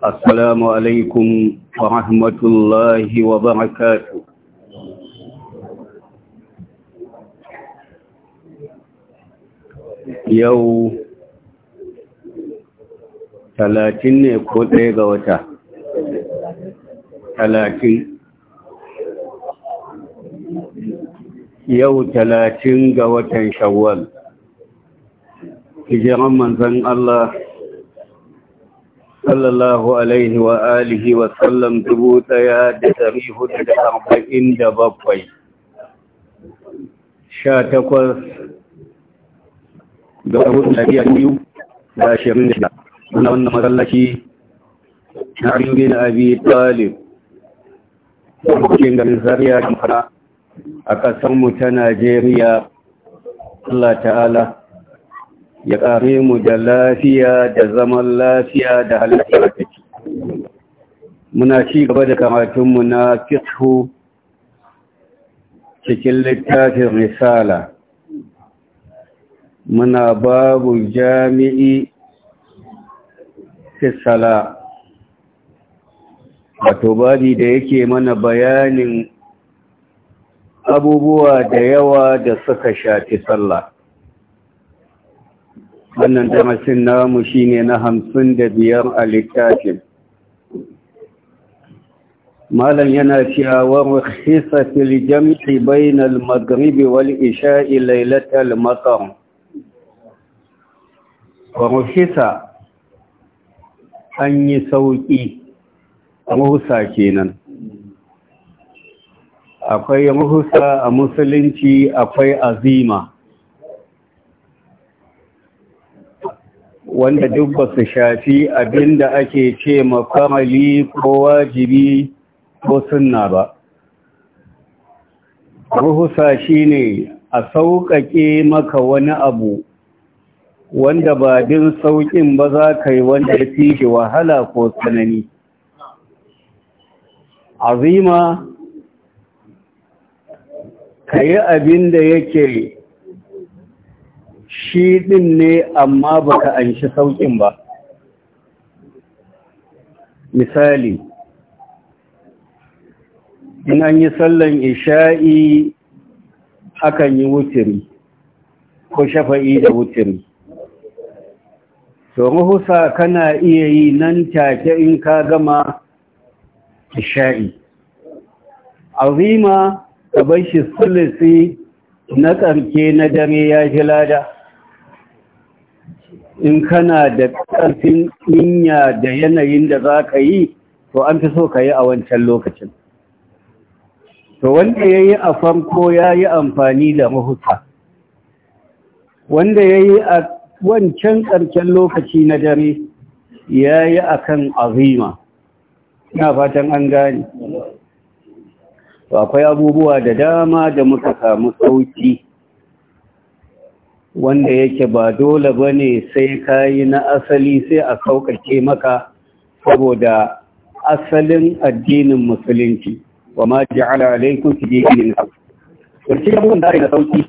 السلام عليكم ورحمة الله وبركاته yau talatin ne ko ɗaya ga wata talatin yau talatin ga watan shawwal hijiran manzan Allah sallallahu alaihi wa alihi wa sallam dubu ɗaya da dari hudu da arba'in da bakwai sha takwas ga hudu da biyar biyu da ashirin da shida na wannan masallaci na aliyu bin abi talib cikin garin zariya kamfana a ƙasarmu ta najeriya Allah ta'ala ya ƙare mu da lafiya da zaman lafiya da halittar ciki. Muna ci gaba da kamatunmu na fito cikin littafin risala. Muna babu jami'i fisala, wato babi da yake mana bayanin abubuwa da yawa da suka shafi sallah. wannan damasin namu shine na hamsin da biyar a littafin malam yana cewa wa rukhisa fil jam'i bayna magribi wal isha'i laylat al maqam hisa an yi sauki ruhusa kenan akwai ruhusa a musulunci akwai azima wanda duk ba su shafi abin da ake ce makamali ko wajibi ko sunna ba ruhusa ne a sauƙaƙe maka wani abu wanda ba bin sauƙin ba za ka yi wanda ya fi shi wahala ko tsanani azima ka yi abin da yake shi ɗin ne amma baka anshi sauƙin ba misali in an yi sallan isha'i akan yi wuturi ko shafa'i da wuturi, to mahusa kana iya yi nan take in ka gama isha'i azima ka bar shi sulisi na ƙarke na dare ya ji lada in kana da ƙarfin ninya da yanayin da za ka yi to an fi so ka yi a wancan lokacin to wanda ya yi a farko ya yi amfani da mahuta wanda ya yi a wancan ƙarshen lokaci na dare ya yi a kan azima ina fatan an gane akwai abubuwa da dama da muka samu sauki wanda yake ba dole ba ne sai ka yi na asali sai a sauƙaƙe maka saboda asalin addinin musulunci wa ma ji'ala alaikun fi dinin hau ƙarshe abubuwan da na sauƙi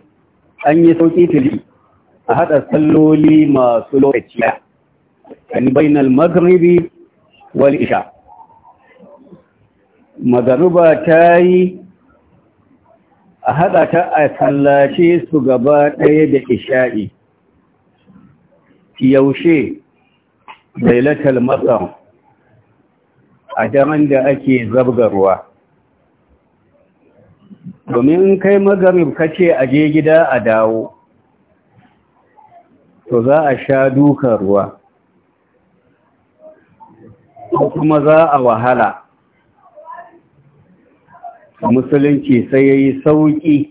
an yi sauƙi fili a haɗa salloli masu ya kan bainal maghribi wal isha magaruba ta yi a haɗa ta a sallace su gaba ɗaya da isha'i yaushe lailatul masar a daren da ake zabgarwa domin kai magarib kace a je gida a dawo to za a sha dukan ruwa ko kuma za a wahala musulunci sai ya yi sauƙi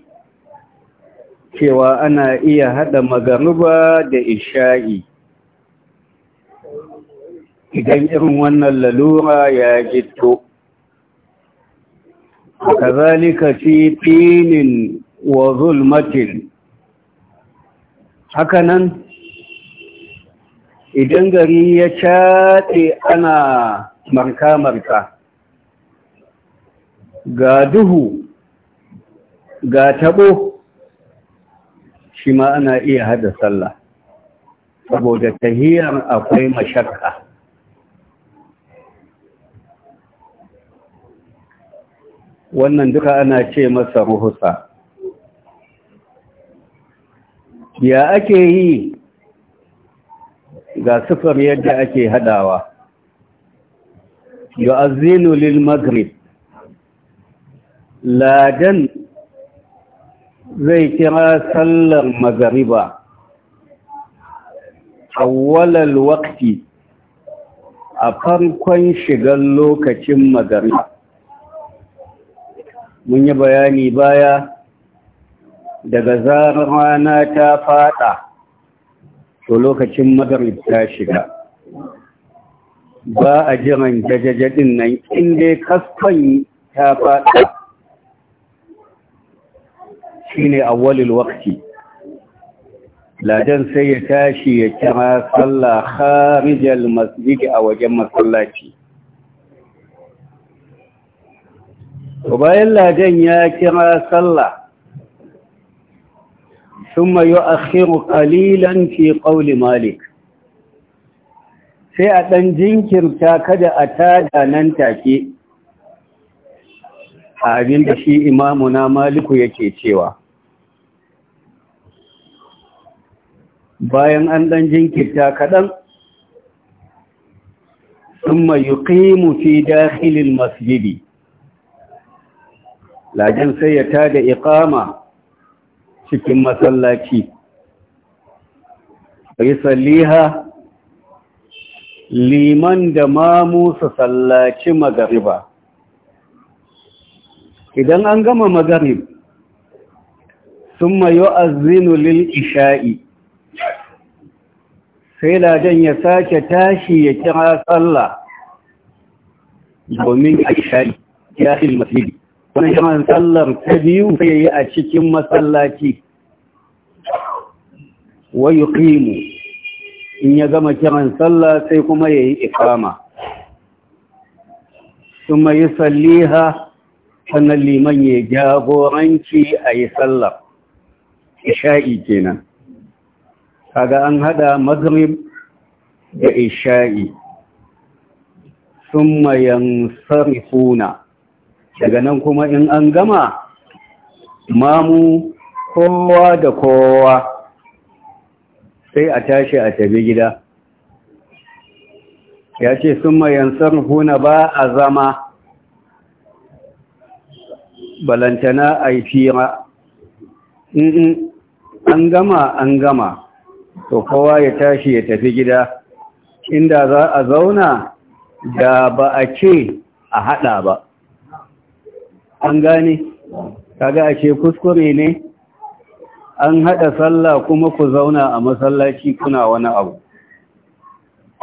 cewa ana iya haɗa magaruba da isha'i idan irin wannan lalura ya jito zalika fi tinin wa zulmatin hakanan idan gari ya caɗe ana marka-marka ga duhu ga tabo shi ma ana iya hada sallah saboda tahiyar akwai mashakka wannan duka ana ce masa ruhusa ya ake yi ga sufar yadda ake hadawa yu'azzinu lil maghrib ladan zai kira sallar magariba awwalal wakti a farkon shigar lokacin magariba mun yi bayani baya daga zarar rana ta fada to lokacin magarib ta shiga ba a jiran jajajadin nan inda kaskon ta fada shine awwalul waqti ladan sai ya tashi ya kira sallah kharijal masjid a wajen masallaci bayan ladan ya kira sallah thumma yu'akhiru qalilan fi qawli malik sai a dan jinkirta kada a tada nan take a abin da shi imamuna maliku yake cewa bayan an ɗan jinkirta kaɗan sun يقيم في داخل masjidi. lajin sai ya tada iqama cikin masallaci yi salliha liman da mamu su sallaci magariba idan an gama magarib sun mayo azinu lil isha'i sai ladan ya sake tashi ya kira sallah domin a shari ya fi masjidi wani jama'an sallar ta biyu sai yi a cikin masallaci wayo kimu in ya gama kiran sallah sai kuma ya yi ikama kuma yi salliha sannan liman ya jagoranci a yi sallar isha'i kenan kaga an hada maghrib da isha'i summa sarifuna daga nan kuma in an gama mamu kowa da kowa sai a tashi a tabi gida ya ce summa sarifuna ba a zama balantana a yi fira an gama an gama to kowa ya tashi ya tafi gida inda za a zauna da ba a ce a haɗa ba an gane kaga a ce kuskure ne an haɗa sallah kuma ku zauna a masallaci kuna wani abu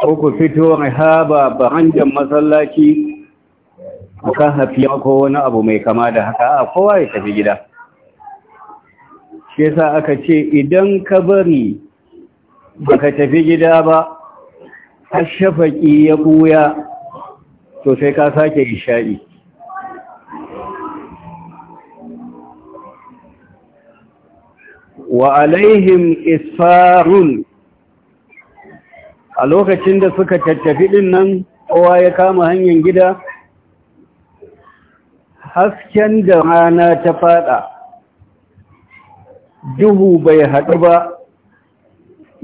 ko ku fito rihaba baranjan masallaci ku kan hafiya ko wani abu mai kama da haka a kowa ya tafi gida shi yasa aka ce idan ka bari baka tafi gida ba har shafaƙi ya ɓuya to sai ka sake sha'i wa alaihim isfarun a lokacin da suka tattafi ɗin nan kowa ya kama hanyar gida hasken da rana ta faɗa, duhu bai haɗu ba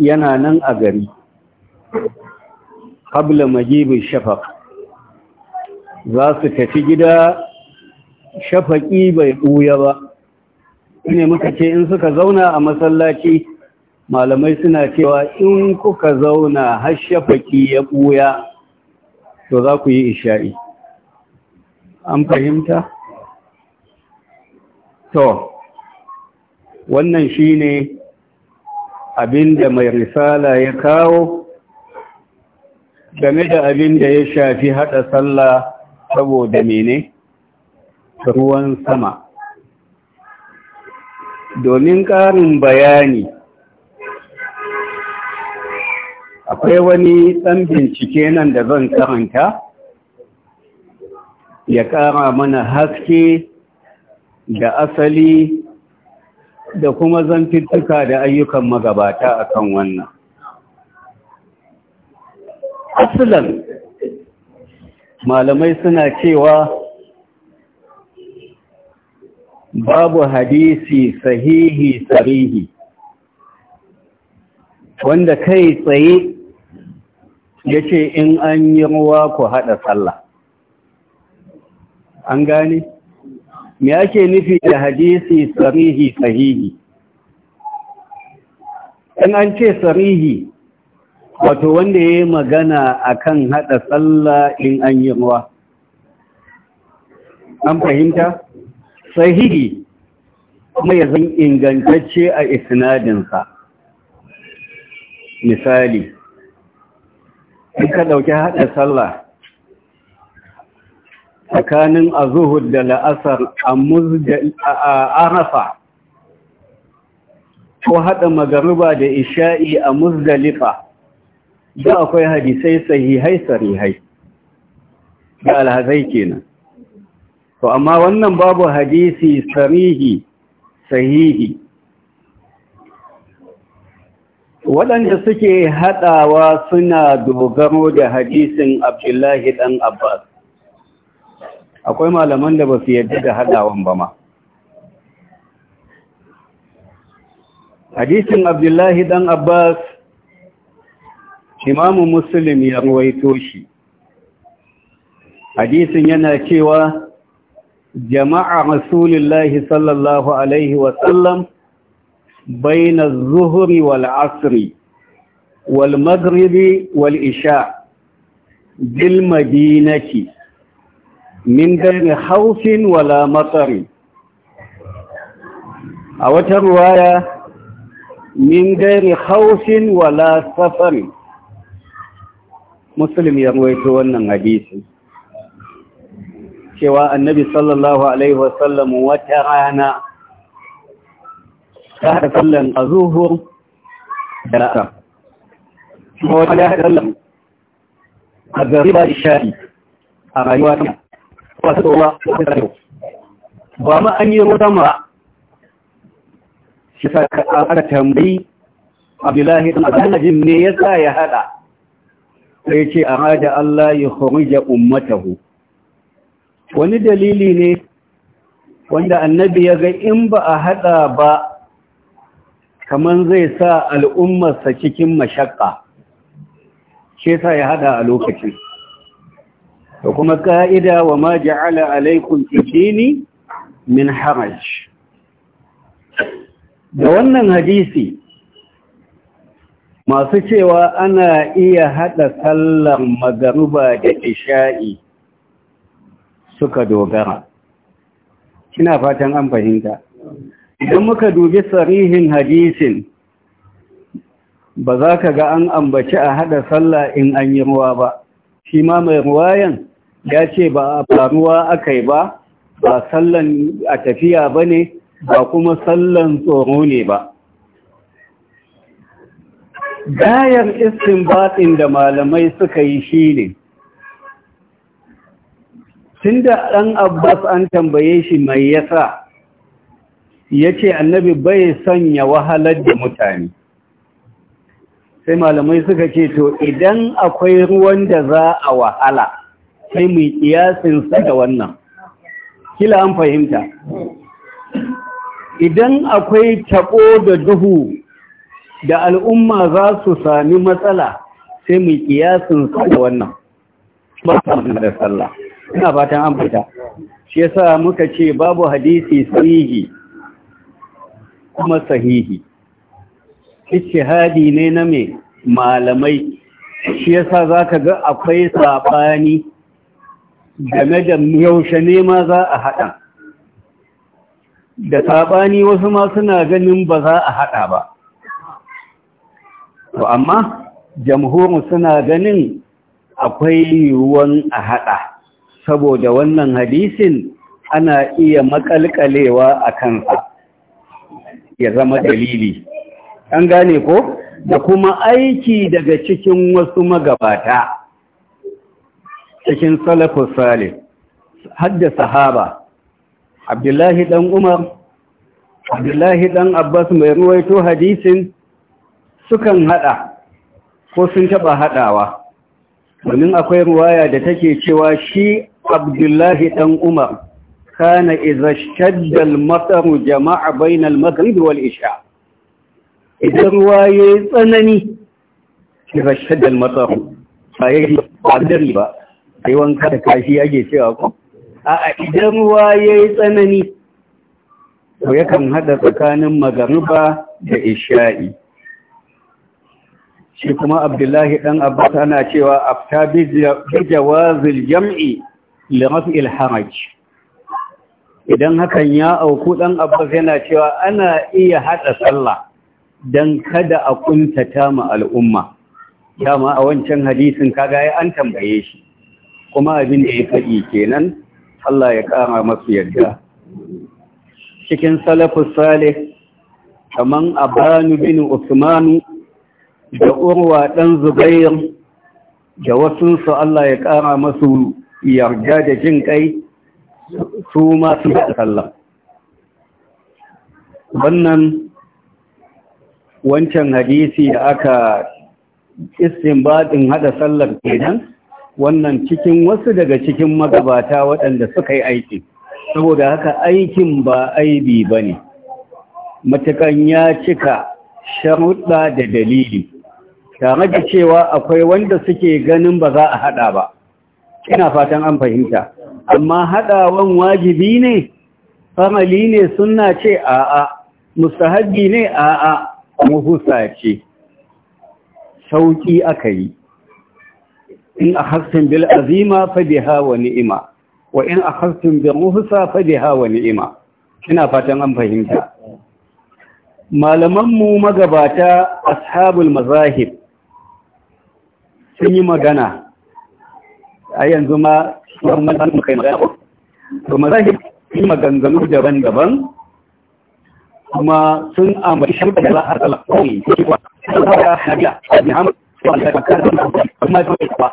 yana nan a gari habla majibin shafaf za su tafi gida shafaƙi bai ɓuya ba ne muka ce in suka zauna a masallaci malamai suna cewa in kuka zauna har shafaƙi ya ɓuya to za ku yi isha'i an fahimta? to wannan shi ne. abinda mai risala ya kawo game da abinda ya shafi hada sallah saboda mene ruwan sama domin ƙarin bayani akwai wani ɗan bincike nan da zan karanta ya ƙara mana haske da asali da kuma zantuttuka da ayyukan magabata akan wannan asalan malamai suna cewa babu hadisi sahihi sarihi wanda kai tsaye ya ce in an yi ruwa ku haɗa sallah an gane me ake nufi da hadisi sarihi sahihi in an ce sarihi wato wanda ya magana akan hada tsalla in an yi ruwa an fahimta sahihi kuma ya zan ingantacce a isnadinsa misali in ka ɗauki haɗa sallah tsakanin azuhud da la'asar a arafa ko haɗa magaruba da isha'i a muzdalifa da akwai hadisai sahihai sarihai da alhazai kenan to amma wannan babu hadisi sarihi sahihi waɗanda suke haɗawa suna dogaro da hadisin abdullahi ɗan abbas akwai malaman da ba su yadda da haɗawan ba ma hadisin abdullahi ɗan abbas imamu muslim ya ruwaito shi hadisin yana cewa jama'a rasulullahi sallallahu alaihi wasallam wal magribi wal isha, bil madinaki. min daini haufin wala matsari a wata ruwaya min gairi haufin wala safari musulmi ya ruwaito wannan hadisi cewa annabi sallallahu alaihi wasallam wata rana ta haɗa sallan a zuhur da ra'a kuma wata haɗa sallan a gari ba da shaɗi a rayuwa ba su tsoma ma an yi ruwa sama shi sa aka tambayi abdullahi ɗan alhajin ne ya sa ya haɗa sai ce a hada Allah ya horija ummatahu wani dalili ne wanda annabi ya ga in ba a haɗa ba kamar zai sa al'ummarsa cikin mashakka shi sa ya haɗa a lokacin da kuma ka'ida wa ma ja'ala alaikum tijini min haraj da wannan hadisi masu cewa ana iya haɗa sallar magaruba da isha'i suka dogara kina fatan an fahimta idan muka dubi sarihin hadisin ba za ka ga an ambaci a haɗa sallah in an yi ruwa ba shi ma mai ruwayan ya ce ba a faruwa aka yi ba ba sallan a tafiya ba ne ba kuma sallan tsoro ne ba dayar batsin da malamai suka yi shi ne tun da ɗan abbas an tambaye shi mai yasa ya ce annabi bai sanya wahalar da mutane sai malamai suka ce to idan akwai ruwan da za a wahala sai mu yi kiyasin da wannan kila an fahimta idan akwai taɓo da duhu da al'umma za su sami matsala sai mu kiyasin sa da wannan ba sallah ina fatan an fita shi yasa muka ce babu hadisi sahihi kuma sahihi ijtihadi ne na me malamai shi yasa zaka ga akwai sabani game da yaushe ne ma za a haɗa da saɓani wasu ma suna ganin ba za a haɗa ba to amma jamhurin suna ganin akwai yiwuwan a haɗa saboda wannan hadisin ana iya makalkalewa a kansa ya zama dalili an gane ko da kuma aiki daga cikin wasu magabata cikin salafus salih hadda sahaba abdullahi dan umar abdullahi dan abbas mai ruwaito hadisin sukan hada ko sun taba hadawa domin akwai ruwaya da take cewa shi abdullahi dan umar kana idza shadda al-matar jama'a bayna al-maghrib wal isha idan ruwa yayi tsanani idza shadda al-matar sai ba sai wanka da kashi yake cewa ko a idan ruwa ya yi tsanani to yakan hada tsakanin magariba da isha'i shi kuma abdullahi dan abbas ana cewa afta bi jawazil jam'i li raf'il haraj idan hakan ya auku dan abbas yana cewa ana iya hada sallah dan kada a kuntata ma al'umma dama a wancan hadisin kaga ai an tambaye shi kuma abin da ya faɗi kenan Allah ya ƙara masu yadda cikin salafus salih kaman abanu bin usmanu da urwa ɗan zubair da wasunsu Allah ya ƙara masu yarda da jin kai su masu da sallah wannan wancan hadisi da aka istinbadin haɗa sallar kenan wannan cikin wasu daga cikin magabata waɗanda suka yi aiki saboda haka aikin ba aibi ba ne matukan ya cika sharuɗa da dalili tare da cewa akwai wanda suke ganin ba za a haɗa ba ina fatan an fahimta amma haɗawan wajibi ne famali ne suna ce a'a mustahabi ne a'a muhusa ce sauƙi aka yi in a akhastum bil azima fa biha wa ni'ima wa in akhastum bi muhsa fa biha hawa ni'ima ina fatan an fahimta Malamanmu mu magabata ashabul mazahib sun yi magana a yanzu ma sun kai magana to mazahib sun yi maganganu daban-daban kuma sun ambaci sharba da za'a tsala kawai ya ce wa ta haɗa da hamar kuma ta kakar da kuma ta kakar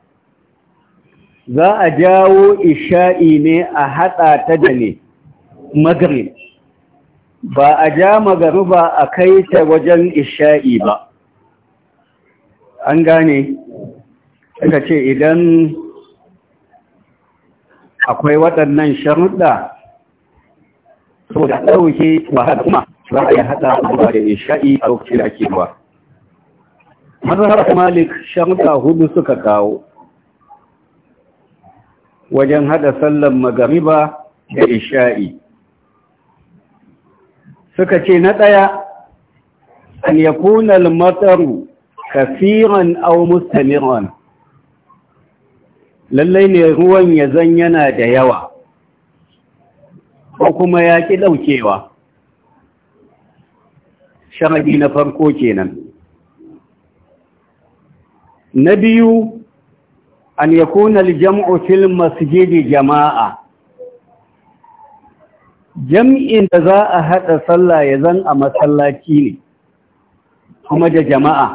za a jawo isha'i ne a haɗa ta da ne magrib ba a ja magariba a kai ta wajen isha'i ba an gane aka ce idan akwai waɗannan sharuɗa so da ɗauke ba kuma za a yi haɗa zuwa da isha'i a lokacin da ake ba mazhabar malik sharuɗa hudu suka kawo wajen hada sallan magariba da isha'i suka ce na ɗaya an yakuna al-mataru kafiran aw mustamiran lallai ne ruwan ya zan yana da yawa ko kuma ya ki ɗaukewa sharadi na farko kenan na biyu an yakuna al-jam'u fil masjidi jama'a jam'in da za a haɗa sallah ya zan a masallaci ne kuma da jama'a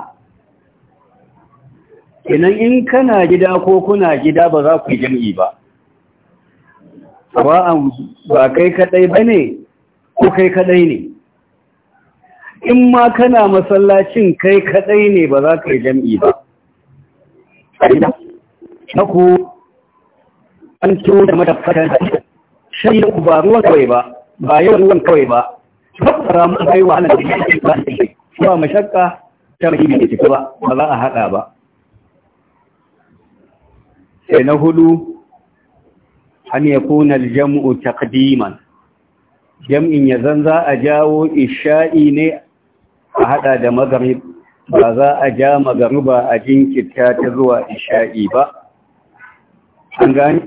inan in kana gida ko kuna gida ba za ku yi jam'i ba ba kai kaɗai ba ne ko kai kaɗai ne in ma kana masallacin kai kaɗai ne ba za ka yi jam'i ba ku an turo da madafatan shi da ba ruwan kawai ba ba yawan ruwan kawai ba fassara mu kai wahalar da shi ba ba mashakka ta rahibi da cika ba ba za a haɗa ba sai na hudu an ya kuna jam'u taqdiman jam'in ya zan za a jawo isha'i ne a haɗa da magrib ba za a ja magariba a jinkirta ta zuwa isha'i ba an gani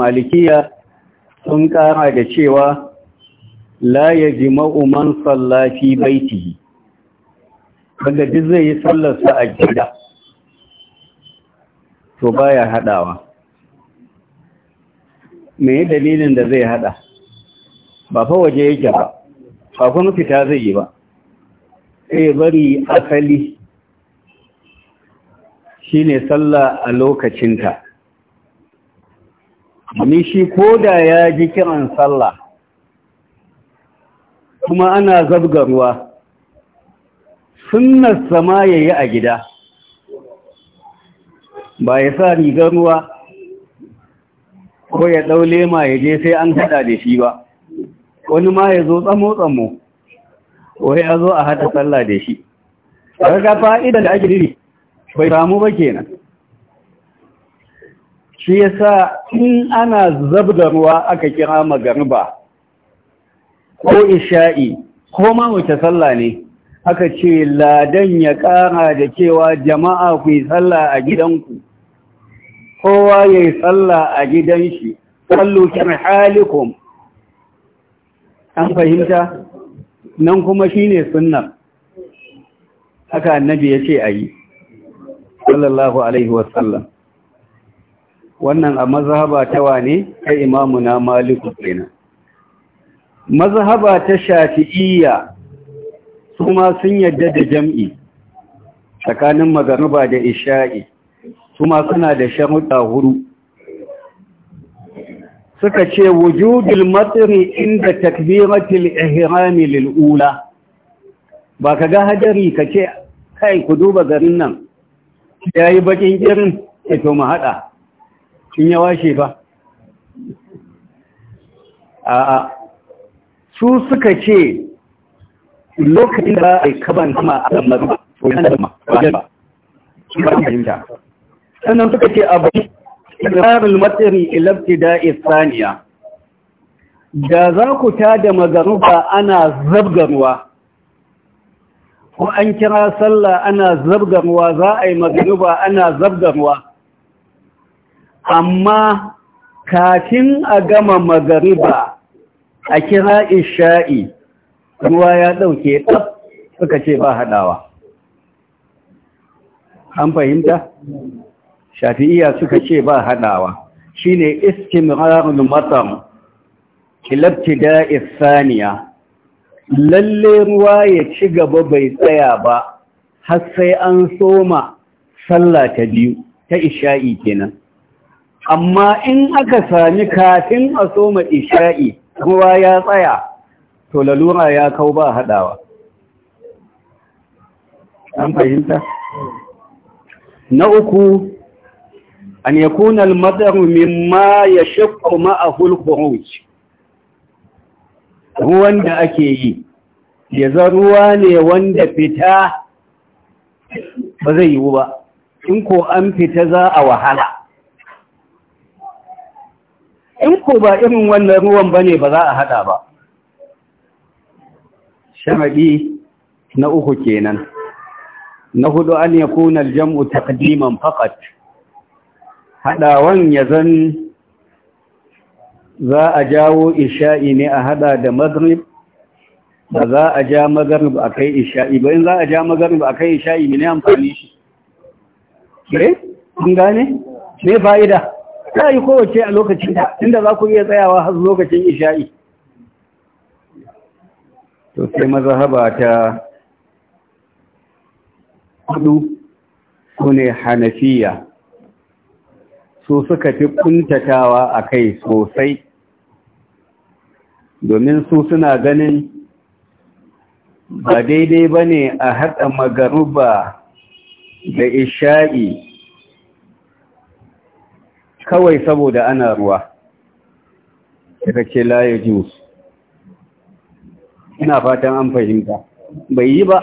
malikiya sun kara da cewa la ya ji ma'uman tsallafi baiti wanda duk zai yi tsallarsa a gida to baya haɗawa. me dalilin da zai haɗa? ba fa waje yake ba ba kuma fita zai yi ba sai bari asali Shi ne sallah a lokacinta domin shi da ya ji kiran sallah kuma ana zabga ruwa sunnar sama ya yi a gida ba ya sa rigar ruwa ko ya daule ma ya je sai an haɗa da shi ba wani ma ya zo tsamo-tsamo wai ya zo a haɗa sallah da shi a ga da ake diri bai samu ba kenan shi ya sa in ana zabda ruwa aka kira magariba ko isha'i ko ma wace sallah ne aka ce ladan ya kara da cewa jama'a ku yi sallah a gidanku kowa ya yi sallah a gidan shi sallukin halikum an fahimta nan kuma shi ne sunan. haka annabi ya ce a yi sallallahu alaihi wasallam wannan a mazhaba ta wane ta imamu na maliku kenan mazhaba ta shafi'iyya su ma sun yadda da jam'i tsakanin magaruba da isha'i su ma suna da sharuɗa huru suka ce wujudul matsiri inda takbiratul ihrami lil ula ba ka ga hadari kace kai ku duba garin nan ya yi bakin irin ya eh, to ma haɗa in ya washe ba a su suka ce lokacin da a yi kaban kama a lamarin ba to yana da ma ba ba sannan suka ce abu ƙirarul matsari ilabti da saniya da za ku ta da ba, ana zabgarwa ko an kira sallah ana zabgarwa za a yi magariba ana zabgarwa amma kafin a gama magariba a kira isha'i ruwa ya ɗauke ɗaf suka ce ba haɗawa an fahimta? shafi'iya suka ce ba haɗawa shi ne matan kilabci kilabtida isaniya lalle ruwa ya ci gaba bai tsaya ba har sai an soma sallah ta biyu ta isha'i kenan amma in aka sami kafin a soma isha'i ruwa ya tsaya to lalura ya kau ba haɗawa an fahimta na uku an yakunan al ma ya shakku ma'a al ruwan da ake yi ya za ruwa ne wanda fita ba zai yiwu ba in ko an fita za a wahala in ko ba irin wannan ruwan ba ne ba za a hada ba sharaɗi na uku kenan na hudu an yi kunar jam'u takadiman fakat haɗawan ya zan za a jawo isha'i ne a hada da maghrib ba za a ja magharib a kai isha'i ba in za a ja magharib a kai isha'i ne amfani shi kire? Eh? kun gane? me fa'ida ta yi kowace a lokacin da inda za ku iya tsayawa har lokacin isha'i to sai mazhaba ta hudu su ne hanafiya su suka fi kuntatawa a kai sosai domin su suna ganin ba daidai ba ne a haɗa magaruba da isha'i kawai saboda ana ruwa daga ce laye jus ina fatan an fahimta bai yi ba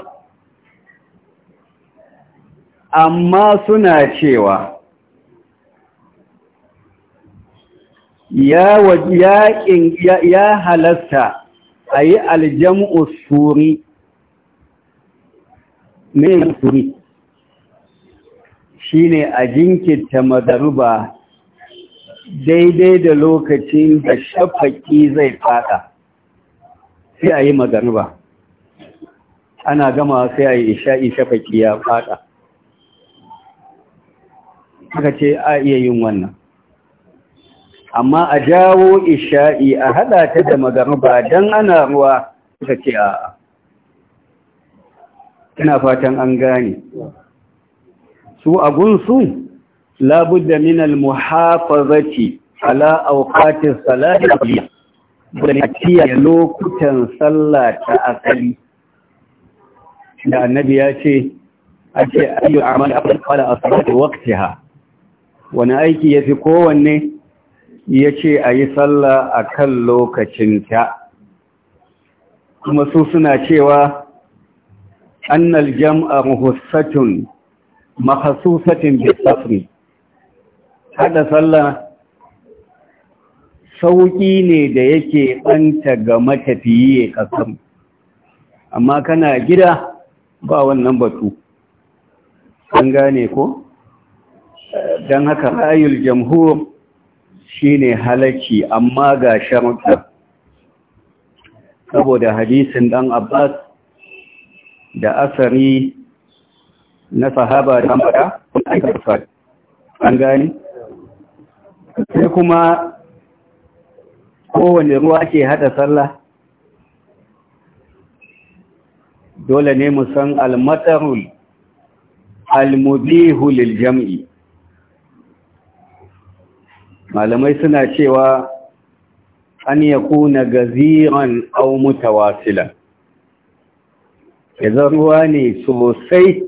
amma suna cewa ya halasta a yi aljam'u suri mai suri shi ne a jinkirta madaruba daidai da lokacin da shafaki zai fada sai a yi madaruba ana gama sai a yi isha'i shafaki ya fada haka ce a iya yin wannan amma a jawo isha'i a haɗa ta da magarba don ana ruwa suka ce a ina fatan an gane su agunsu labudda min almuhafazati ala awqatis salati da tiya lokutan sallah ta asali da annabi ya ce ake ayyu amal afdal qala as-salatu waqtaha wani aiki yafi kowanne ya ce a yi sallah a kan lokacinta kuma su suna cewa annal jam'a muhussatun mahasusatin haɗa sallah sauƙi ne da yake ɓanta ga matafiye ƙasar amma kana gida ba wannan batu an gane ko don haka ayyul jamhur shine halarci amma ga sharuɗa saboda hadisin dan Abbas da asari na sahaba da amara an gani sai kuma kowane ruwa ke hada sallah dole ne mu san almatarul almubihu lil jam'i malamai suna cewa an ya kuna gaziran au mutawasila ya ruwa ne sosai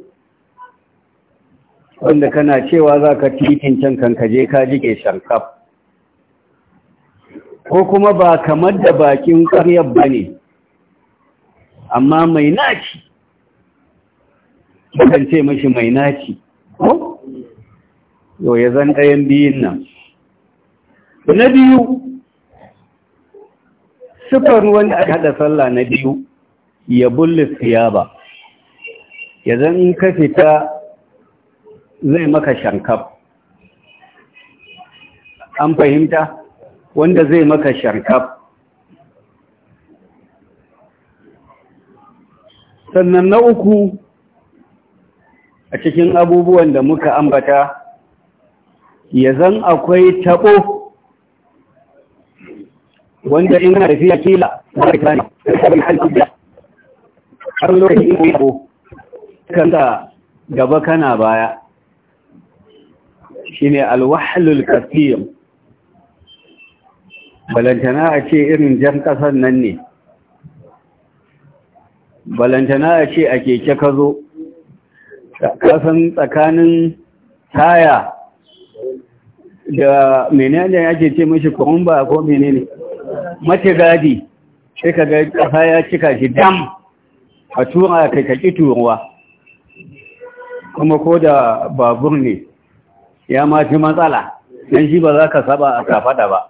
wanda kana cewa za ka titin can kaje ka jike shankaf ko kuma ba kamar da bakin karyar ba ne amma mai naci kan ce mashi mai naci ko yau ya zan ɗayan biyun nan na biyu sufar wanda aka haɗa sallah na biyu ya bullis siyaba ya zan in ka fita zai maka shankaf an fahimta wanda zai maka shankaf sannan na uku a cikin abubuwan da muka ambata ya zan akwai taɓo wanda in kana tafiya kila na ka ne ka bi hal kida har lokaci in yi ko kanta gaba kana baya ne alwahalul kathir balantana a ce irin jan kasar nan ne balantana a ce a keke ka zo kasan tsakanin taya da menene ake ce mashi kurumba ko menene mace gadi sai ka ga ƙasa ya cika shi dam a tura ka kaki turuwa kuma ko da babur ne ya ma fi matsala don shi ba za ka saba a kafaɗa ba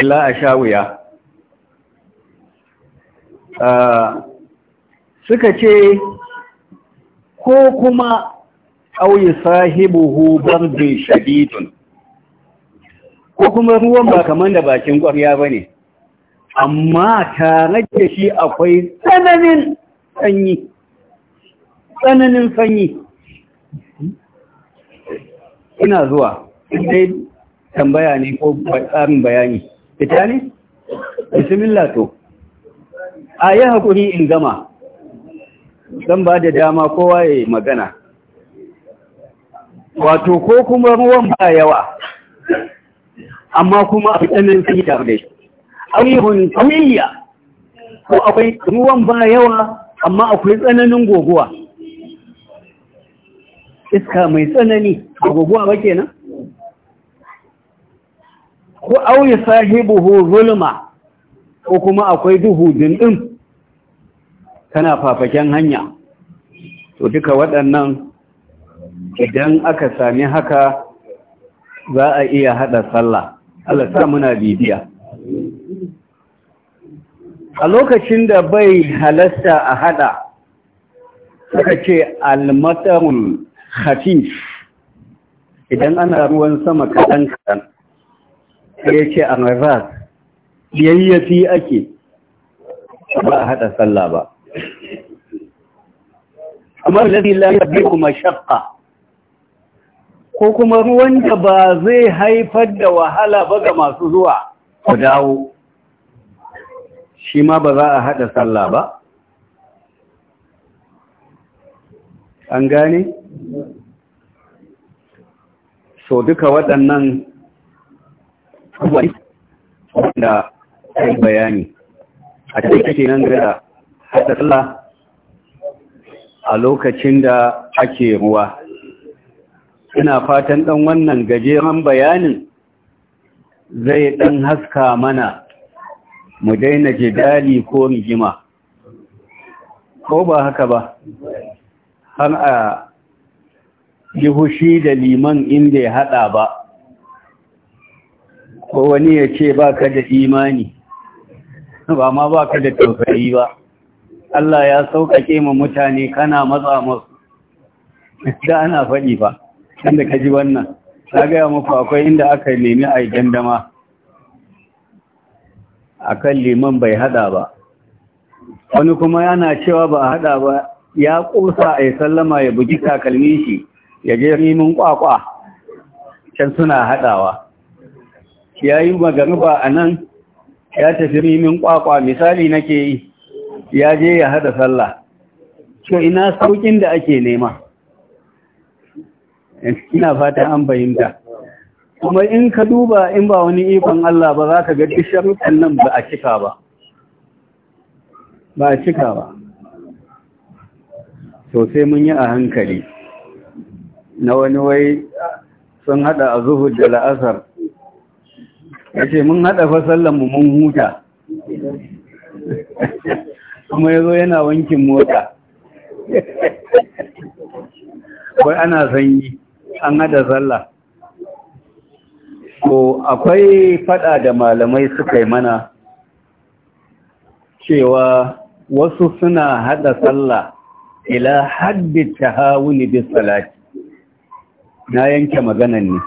illa a sha wuya suka ce ko kuma sahibu sahibuhu bardin shadidun ko kuma ruwan ba kamar da bakin ƙwarya ba ne amma tare da shi akwai tsananin sanyi tsananin sanyi ina zuwa dai tambaya ne ko tsarin bayani ita ne? bismillah to a yi haƙuri in gama zan ba da dama kowa ya yi magana wato ko kuma ruwan ba yawa amma kuma a tsananin sai tare da shi auyuhun kauyya ko akwai ruwan ba yawa amma akwai tsananin goguwa iska mai tsanani a goguwa ba kenan ko sahibu hu zulma ko kuma akwai duhu dindin kana fafaken hanya to duka waɗannan idan aka sami haka za a iya haɗa sallah Allah sa muna bibiya a lokacin da bai halasta a hada suka ce almatarun hatif idan ana ruwan sama kaɗan kaɗan ya ce a maras yayyafi ake ba a haɗa sallah ba amma lalila ya kuma shakka ko kuma ruwan da ba zai haifar da wahala ba ga masu zuwa ku dawo shi ma ba za a haɗa sallah ba an gane? so duka waɗannan wanda kai bayani a cikin nan gada haɗa sallah a lokacin da ake ruwa ina fatan ɗan wannan gajeren bayanin zai ɗan haska mana mu daina jidali ko rigima ko ba haka ba har a yi hushi da liman inda ya haɗa ba ko wani ya ce ba ka da imani ba ma ba ka da tausayi ba Allah ya sauƙaƙe ma mutane kana matsa masu da ana faɗi ba inda ka ji wannan ta gaya muku akwai inda aka nemi a gandama a kan liman bai hada ba wani kuma yana cewa ba a hada ba ya ƙosa a yi sallama ya bugi takalmi shi ya je rimin kwakwa can suna hadawa ya yi magaruba a nan ya tafi rimin kwakwa misali nake yi ya je ya hada sallah Ko ina saukin da ake nema ina fatan an fahimta. kuma in ka duba in ba wani ikon Allah ba za ka ga duk sharuɗan nan ba a cika ba ba a cika ba to sai mun yi a hankali na wani wai sun hada a zuhud da la'asar ya ce mun hada fasallanmu mun huta kuma ya zo yana wankin mota wai ana sanyi an hada Sallah. ko akwai fada da malamai suka yi mana cewa wasu suna hada sallah ila haddi tahawuni bi salati na yanke maganan ne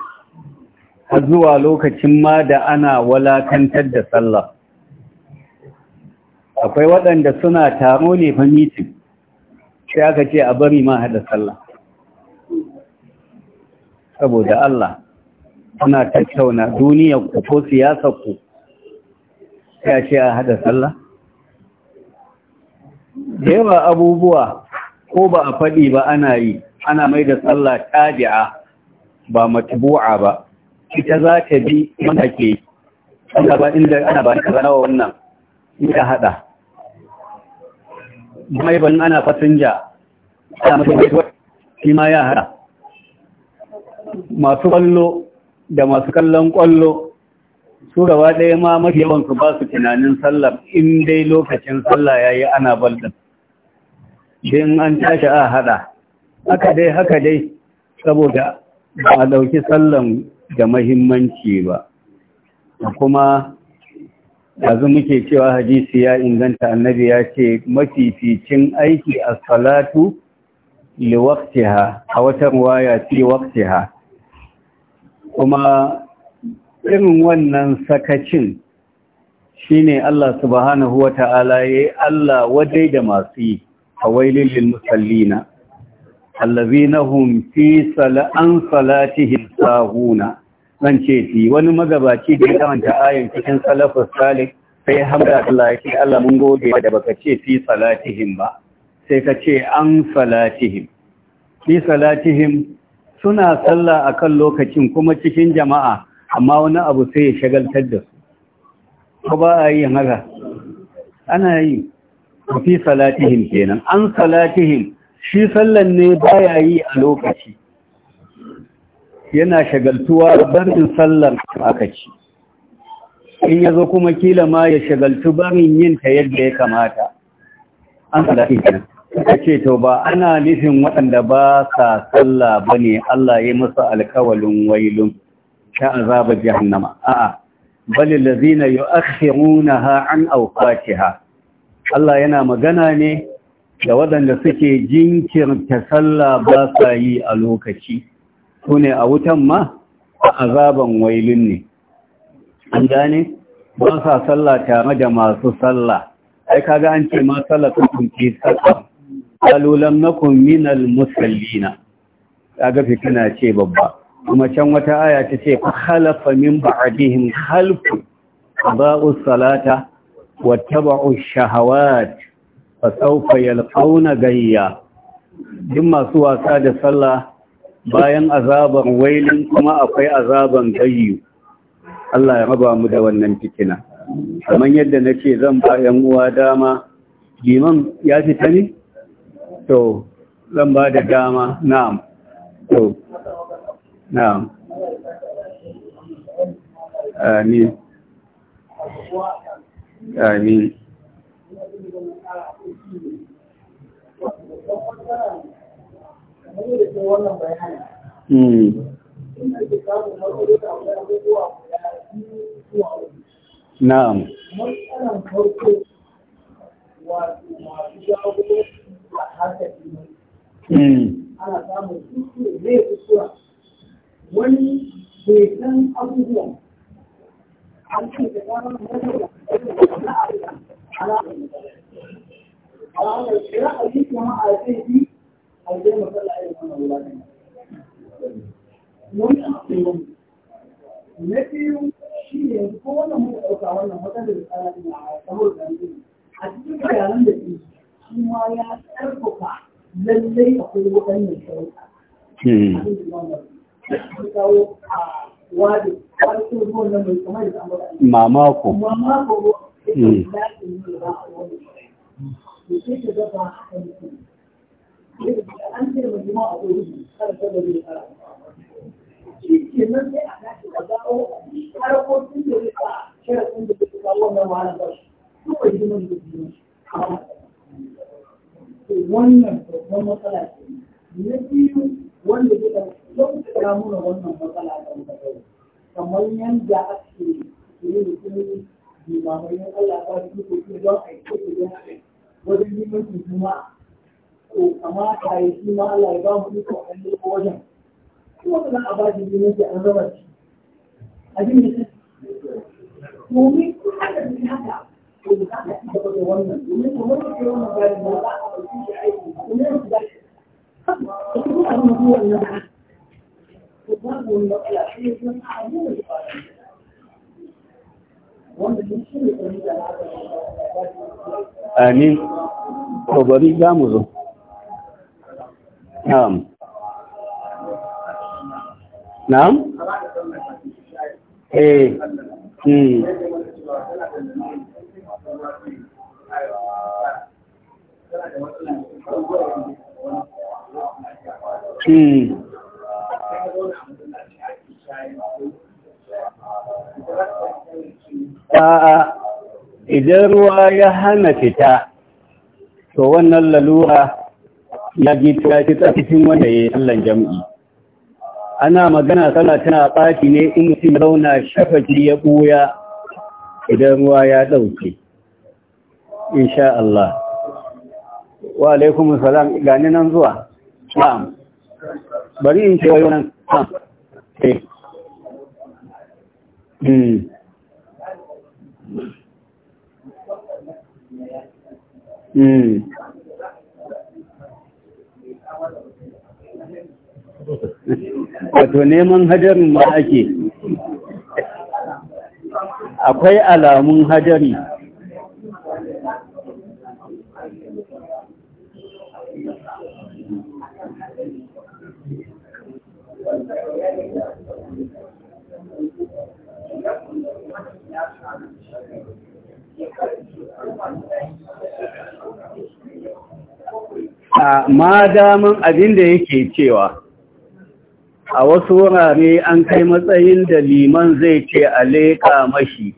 har zuwa lokacin ma da ana walakantar da sallah akwai waɗanda suna taro ne fa mitin sai aka ce a bari ma hada sallah saboda Allah kuna tattauna duniya ku ko siyasar ku ya ce a hada sallah da yawa abubuwa ko ba a faɗi ba ana yi ana mai da sallah tabi'a ba matubu'a ba ita za ta bi wanda ke ana ba inda ana ba kaza nawa wannan ita hada mai ban ana fasinja ana mai shi ma ya hada masu kwallo da masu kallon kwallo su gaba ɗaya ma mafi su ba su tunanin sallar in dai lokacin sallah ya yi ana baldin din an tashi a haɗa haka dai haka dai saboda ba a ɗauki sallan da mahimmanci ba kuma yanzu muke cewa hadisi ya inganta annabi ya ce mafificin aiki a salatu liwaktiha a watan waya fi waktiha kuma irin wannan sakacin shine Allah subhanahu ya yi Allah wadai da masu yi awailil lil musallina allazina hum an sal'an salatihim sahuna zan ce fi wani magabaci da ya kamanta ayin cikin salafus salik sai hamda Allah ce Allah mun gode da baka ce fi salatihin ba sai ka ce an salatihin. fi salatihin. suna sallah akan lokacin kuma cikin jama'a amma wani abu sai ya shagaltar da su ko ba a yi haka ana yi fi salatihim kenan an salatihim shi sallan ne baya yi a lokaci yana shagaltuwa barin sallar aka ci in ya zo kuma kila ma ya shagaltu barin yin ta yadda ya kamata an salatihim suka ce to ba ana nufin waɗanda ba sa sallah ba ne Allah ya musu alkawalin wailun ta azabar jahannama a'a bali lazina ha an ha. Allah yana magana ne da waɗanda suke jinkirta sallah ba sa yi a lokaci sune a wutan ma a azaban wailun ne an gane ba sa sallah tare da masu sallah ai kaga an ce ma sallah sun ce sallah qalu lam nakum minal musallina kaga fitina ce babba kuma can wata aya ta ce khalafa min ba'dihim khalfu ba'u salata wattaba'u shahawat fa sawfa yalqawna gayya duk masu wasa da sallah bayan azaban wailin kuma akwai azaban gayyu Allah ya raba mu da wannan fitina kamar yadda nace zan ba yan uwa dama liman ya fita ne to zan ba da dama na'am to na'am amin amin hmm. Na'am. No. ana samun kuskure zai kuskura wani bai san abubuwan an ce da ƙarar mutuwa ra'ayi kuma a zai bi a zai matsala irin wannan wulaƙin wani abu na biyu shi ne ko wannan muka ɗauka wannan matsalar da tsara a saboda a cikin bayanan da ke shi ma ya lallai akwai waɗannan hmm. Mamako. Mamako. Hmm. wannan babban matsala ce na biyu wanda suka sauƙaƙa muna wannan matsala kan kawai kamar yadda ake yi da kuma limamayin Allah ba su ko ke don a yi ko don a wajen yi mafi juma'a ko kamata a yi shi ma Allah ya ba mu ko a yi ko wajen kuma ba a ba shi jini sai an raba shi a jini domin kuma da haka Amin, ƙobari za mu zo. Na'am. Na'am? Eh, hmm. Hmm. A'a, idan ruwa ya hana fita, to wannan lalura ya gita ci tsakishin wanda ya yi tsallon jam'i. Ana magana kala tana ɓaci ne in mutum zauna shafaki ya ɓuya idan ruwa ya ɗauke. Insha Allah. wa alaikum salam gani nan zuwa na'am bari in ce wayo nan na'am eh hmm. Hmm. wato neman hajarin ma ake akwai alamun hajari a madaman abin da yake cewa a wasu wurare an kai matsayin da liman zai ce a leƙa mashi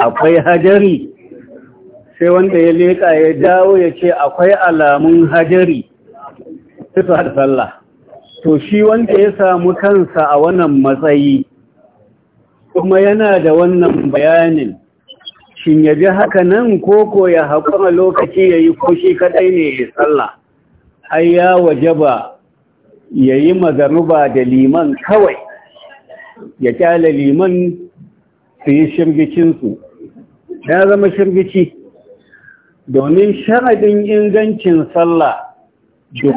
akwai hajari sai wanda ya leƙa ya dawo ya ce akwai alamun hajari fito da sallah to shi wanda ya samu kansa a wannan matsayi kuma yana da wannan bayanin shin ya ji haka nan koko ya haƙura lokaci ya yi kushi kaɗai ne ya tsalla ai ya waje ba ya yi mazaruba da liman kawai ya kyale liman su yi shirgicinsu ya zama shirgici domin sha'adin ingancin sallah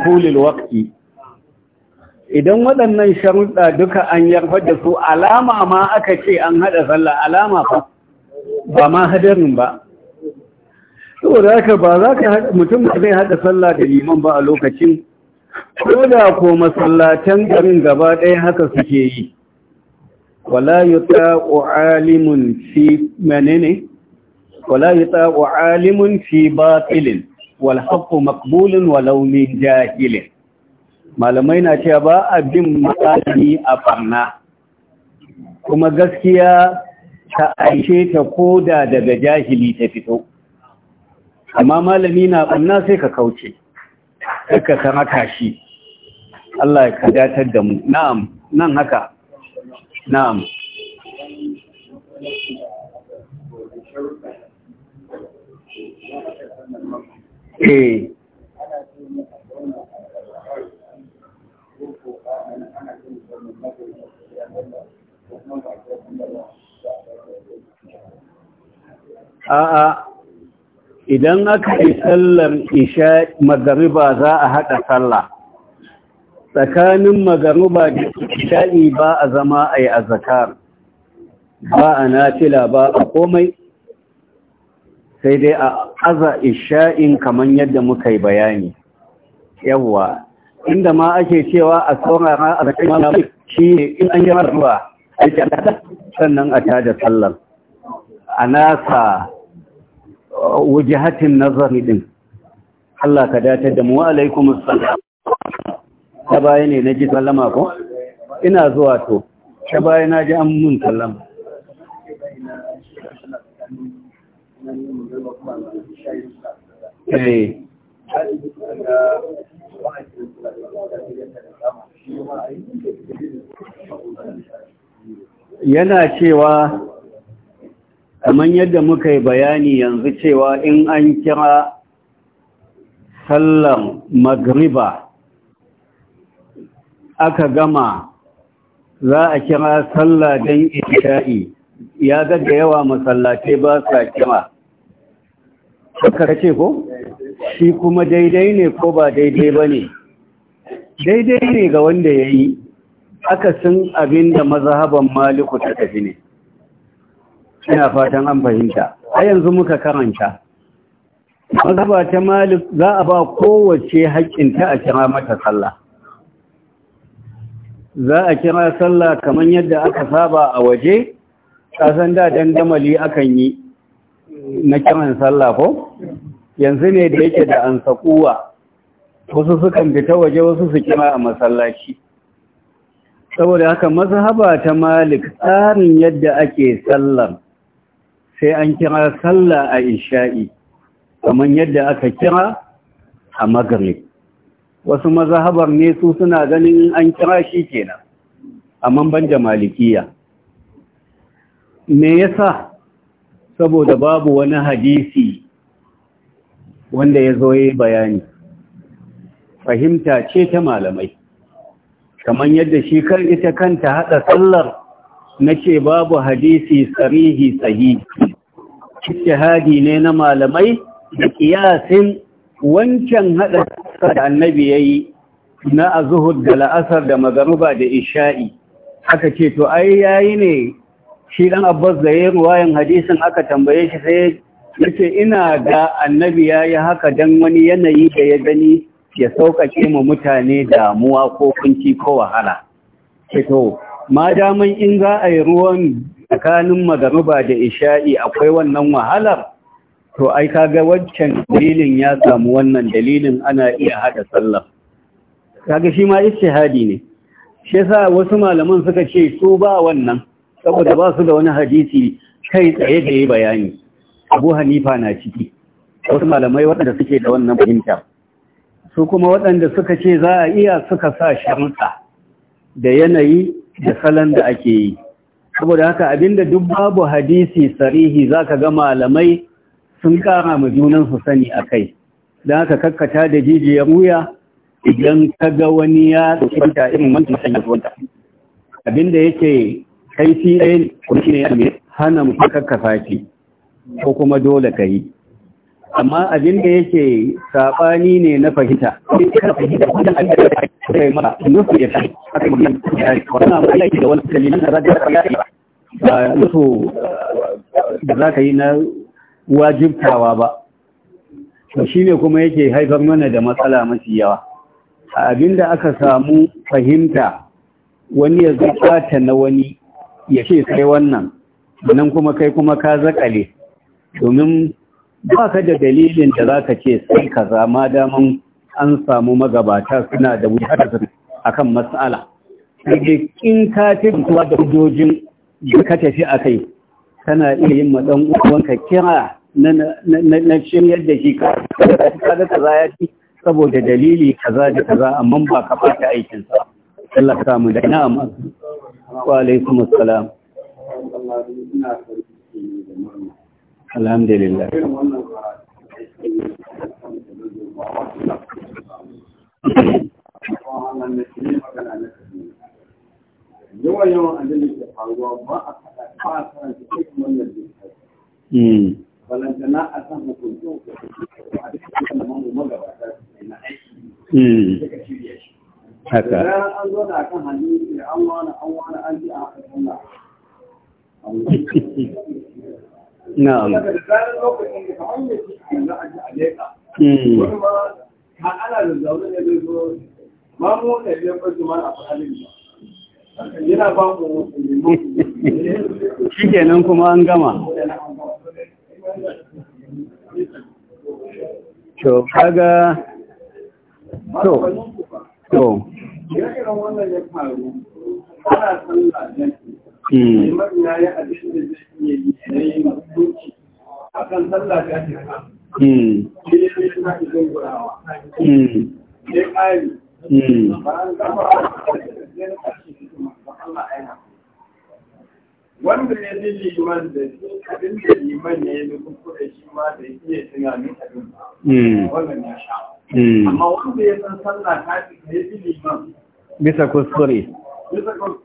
kulil waƙi idan waɗannan sharuɗa duka an yarfa da su alama ma aka ce an haɗa sallah alama fa ba ma hadarin ba saboda haka ba za ka mutum ba zai haɗa sallah da liman ba a lokacin ko da ko masallatan garin gaba ɗaya haka suke yi wala taƙo alimun fi manene wala alimun fi batilin wal haƙo makbulin walaunin jahilin malamai na cewa ba abin malami a ɓarna. kuma gaskiya ta aishe ta koda daga jahili ta fito amma malami na ɓanna sai ka kauce ka saraka shi Allah ya kadatar da mu na'am nan haka na'am eh a'a idan aka yi sallar isha magariba za a haɗa sallah tsakanin magariba da isha'i ba a zama a yi azakar ba a nafila ba a komai sai dai a aza isha'in kamar yadda muka yi bayani yawwa inda ma ake cewa a saurara a ma mai shi ne in an yi yi sannan a tada sallar a nasa wajihatin nazari din Allah ka datar da mu wa alaikum salam ta baya ne na ji sallama ko ina zuwa to ta baya na ji an mun sallama eh yana cewa kamar yadda muka yi bayani yanzu cewa in an kira sallar magriba aka gama za a kira sallah don isha'i ya ga yawa masallatai ba sa kira suka ce ko shi kuma daidai ne ko ba daidai ba ne daidai ne ga wanda ya yi akasin abin da mazhaban maliku ta tafi ne ina fatan an fahimta a yanzu muka karanta mazaba ta malik za a ba kowace haƙƙinta a kira mata sallah za a kira sallah kamar yadda aka saba a waje kasan da dandamali akan yi na kiran sallah ko yanzu ne da yake da an sakuwa wasu sukan fita waje wasu su kira a masallaci saboda haka mazhaba ta malik tsarin yadda ake sallar sai an kira sallah a isha'i kamar yadda aka kira a magrib wasu mazahabar ne su suna ganin an kira shi kenan amma ban da malikiya me yasa saboda babu wani hadisi wanda ya zo yi bayani fahimta ce ta malamai kamar yadda shi kan ita kanta hada sallar nace babu hadisi sarihi sahihi ijtihadi ne na malamai da kiyasin wancan hada da annabi yayi na azhur da la'asar da magruba da isha'i aka ce to ai yayi ne shi dan abbas da yayi ruwayan hadisin aka tambaye shi sai yace ina ga annabi yayi haka dan wani yanayi da ya gani ya sauƙaƙe mu mutane damuwa ko kunci ko wahala Ke to ma daman in za a yi ruwan tsakanin magaruba da isha'i akwai wannan wahalar to ai kaga wancan dalilin ya samu wannan dalilin ana iya hada sallah kaga shi ma hadi ne shi yasa wasu malaman suka ce su ba wannan saboda ba su da wani hadisi kai tsaye da yi bayani Abu Hanifa na ciki wasu malamai waɗanda suke da wannan fahimta su kuma waɗanda suka ce za a iya suka sa sharuɗa da yanayi da salon da ake yi saboda haka abinda duk babu hadisi sarihi zaka ga malamai sun kara ma junan su sani akai dan haka kakkata da jijiyar wuya idan ka ga wani ya tsinta irin wannan sanya zuwanta abinda yake kai fi ɗaya ne hana mutum kakkafa shi ko kuma dole ka yi amma abin da yake sabani ne na fahimta nufu da za ka yi na wajibtawa ba shi ne kuma yake haifar mana da matsala mafi yawa abin da aka samu fahimta wani ya zaɓata na wani ya ce sai wannan nan kuma kai kuma ka zaƙale domin ba ka da dalilin da za ka ce sai ka zama daman an samu magabata suna da a akan matsala sai in ka kuwa da hujjojin da ka tafi a kai tana iya yin maɗan ɗan uwanka kira na shiryar da shi ka da kaza ya ci saboda dalili kaza da kaza amma ba ka bata aikinsa Allah ka mu da ina wa alaikum assalam الحمد لله Thank hmm. hmm. you. na'am a a hmm. yana ba mu kuma an gama to kaga to to wannan ya faru ana sallah akan sallah ta shirka ne na ne ba Allah wanda ya ji liman da shi abin da liman ya yi kuku da shi ma da iya tunanin abin wannan ya sha amma wanda ya san sallah ta shirka ne liman bisa kuskure bisa kuskure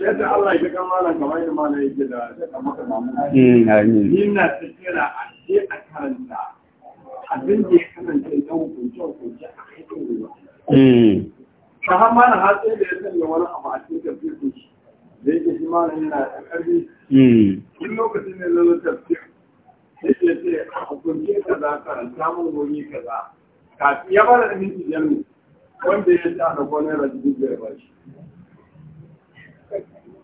Yadda Allah ya kama na kamar yadda mana yake da daga maka mamu. Ni na tafiya a ce a karanta abin da ya karanta ya hukunce hukunce a haifin ruwa. Hmm. Ta har mana hatsi da ya sanya wani abu a cikin tafiyar shi. Da yake shi mana yana da ƙarfi. Tun hmm. lokacin ne zai tafiyar. Sai ya ce a hukunce kaza karanta mun wuri kaza. Kafin ya bada da minti jami wanda ya sa da kwanar da jirgin ya bashi.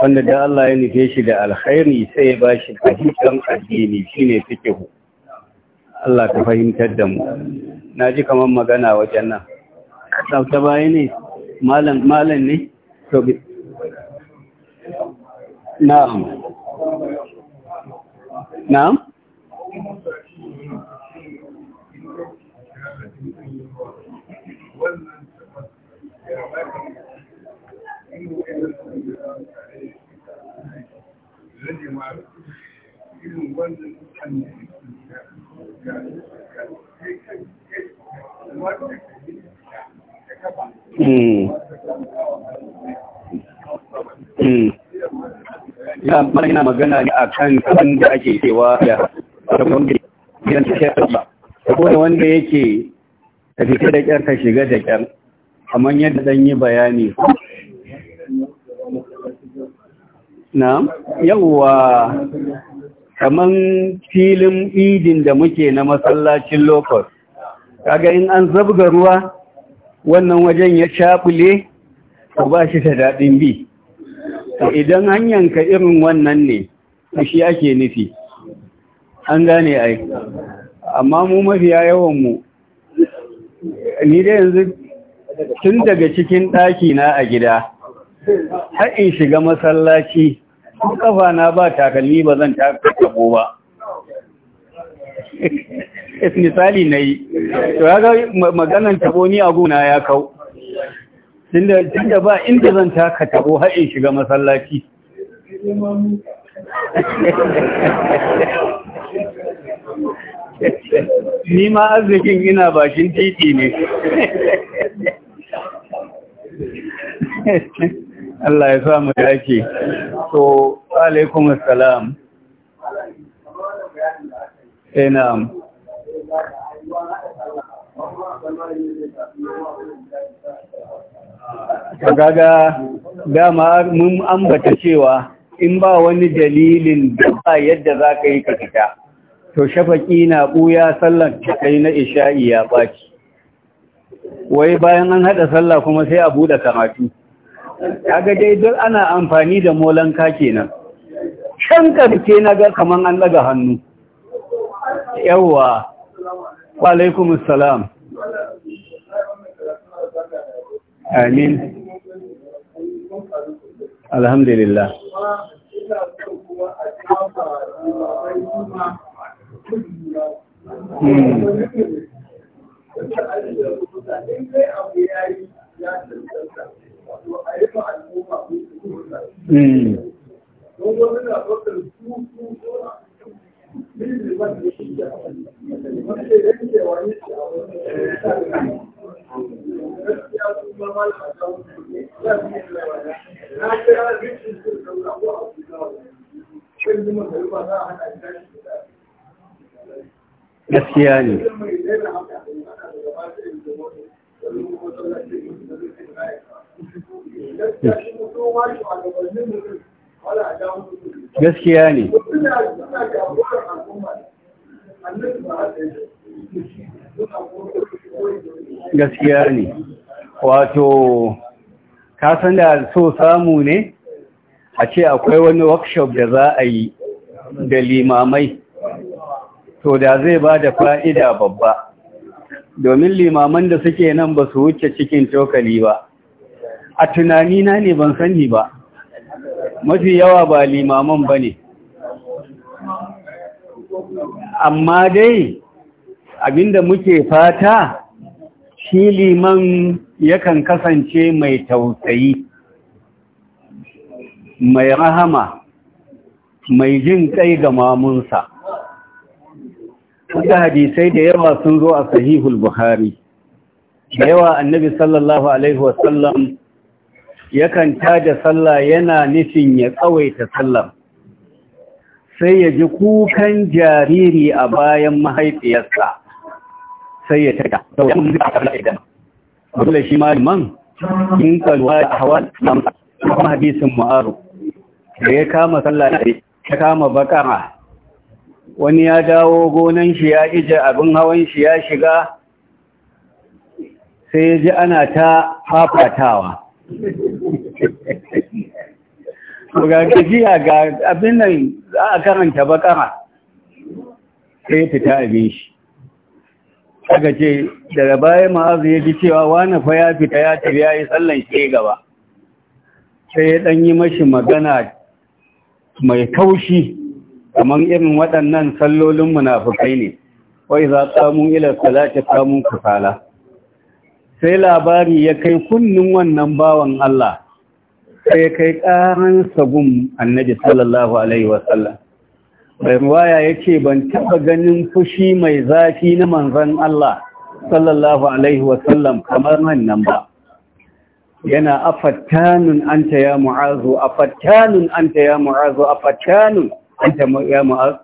wanda da Allah ya nufe shi da alkhairi sai ya bashi fahimtar addini shine fiqhu Allah ka fahimtar da mu na ji kamar magana wajen nan sauta baya ne malam malam ne to na'am na'am Thank you. ya mana yana magana ne a kan abin da ake cewa ya wanda gidan ta ko da wanda yake ka fita da kyar ka shiga da kyar amma yadda zan yi bayani na yawwa kaman filin idin da muke na masallacin lokos kaga in an zabga ruwa wannan wajen ya cakule ko ba shi da daɗin bi idan ka irin wannan ne shi ake nufi an gane ai amma mu mafiya yawanmu ni da yanzu tun daga cikin ɗaki na a gida har in shiga masallaci ko kafa na ba takalmi ba zan taka kabo ba misali na yi to ya ga maganan tabo ni a gona ya kau tunda ba inda zan taka tabo har in shiga masallaci ni ma arzikin ina bakin titi ne Allah ya samu ke. to alaikum assalam Enam. Eh, gaga gaga dama mun ambata cewa in ba wani dalilin da ba yadda za ka yi ka fita to shafaki na ɓuya sallar kai na isha'i ya ɓaci wai bayan an haɗa sallah kuma sai a buɗe kamatu kaga dai duk ana amfani da ka kenan shan karke na ga kaman an daga hannu yawwa wa alaikum assalam amin alhamdulillah Hmm. gaskiya ne gaskiya ne gaskiya ne wato kasan da so samu ne a ce akwai wani workshop da za a yi da limamai to da zai ba da fa'ida babba domin limaman da suke nan ba su wuce cikin cokali ba a tunanina ne ban sani ba mafi yawa ba limaman ba ne amma dai abinda muke fata shi liman yakan kasance mai tausayi mai rahama mai jin kai ga mamunsa wanda hadisai da yawa sun zo a sahihul buhari da yawa annabi sallallahu alaihi wasallam yakan tada sallah yana nufin ya tsawaita sallah sai ya ji kukan jariri a bayan mahaifiyarsa sai ya tada dole shi maliman in kalwa a hawa kuma hadisin mu'aru da ya kama sallah ya kama bakara wani ya dawo gonan shi ya ije abin hawan shi ya shiga sai ya ji ana ta hafatawa. ga gajiya ga abin nan za a karanta bakara sai ya fita abin shi aka ce daga baya ma'azu ya ji cewa wani fa ya fita ya tafi ya yi tsallon shi gaba sai ya ɗan yi mashi magana mai kaushi kamar irin waɗannan sallolin munafukai ne wai za kamun ilar ta kamun kusala sai labari ya kai kunnin wannan bawan Allah sai kai ƙaran sagun annabi sallallahu alaihi wasallam bai waya ya ce ban taɓa ganin fushi mai zafi na manzan Allah sallallahu alaihi wasallam kamar nan ba yana afattanun anta ya mu'azu afattanun anta ya mu'azu afattanun anta ya mu'azu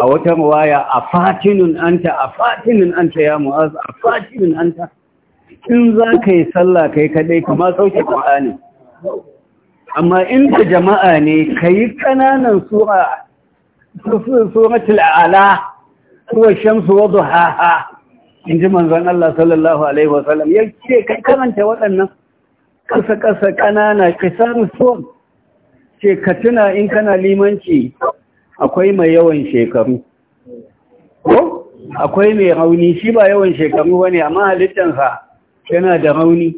a wata waya afatinun anta afatinun anta ya mu'azu afatinun anta in za ka yi sallah kai kadai kuma sauke Qur'ani amma inda jama'a ne ka yi ƙananan sura suratul ala shamsu shamsu ha ha in ji manzan Allah sallallahu alaihi wasallam ya ce karanta waɗannan ƙasa ƙasa ƙanana kisaru suwan ce ka tuna in kana limanci akwai mai yawan shekaru ko akwai mai rauni shi ba yawan shekaru bane amma halittansa yana da rauni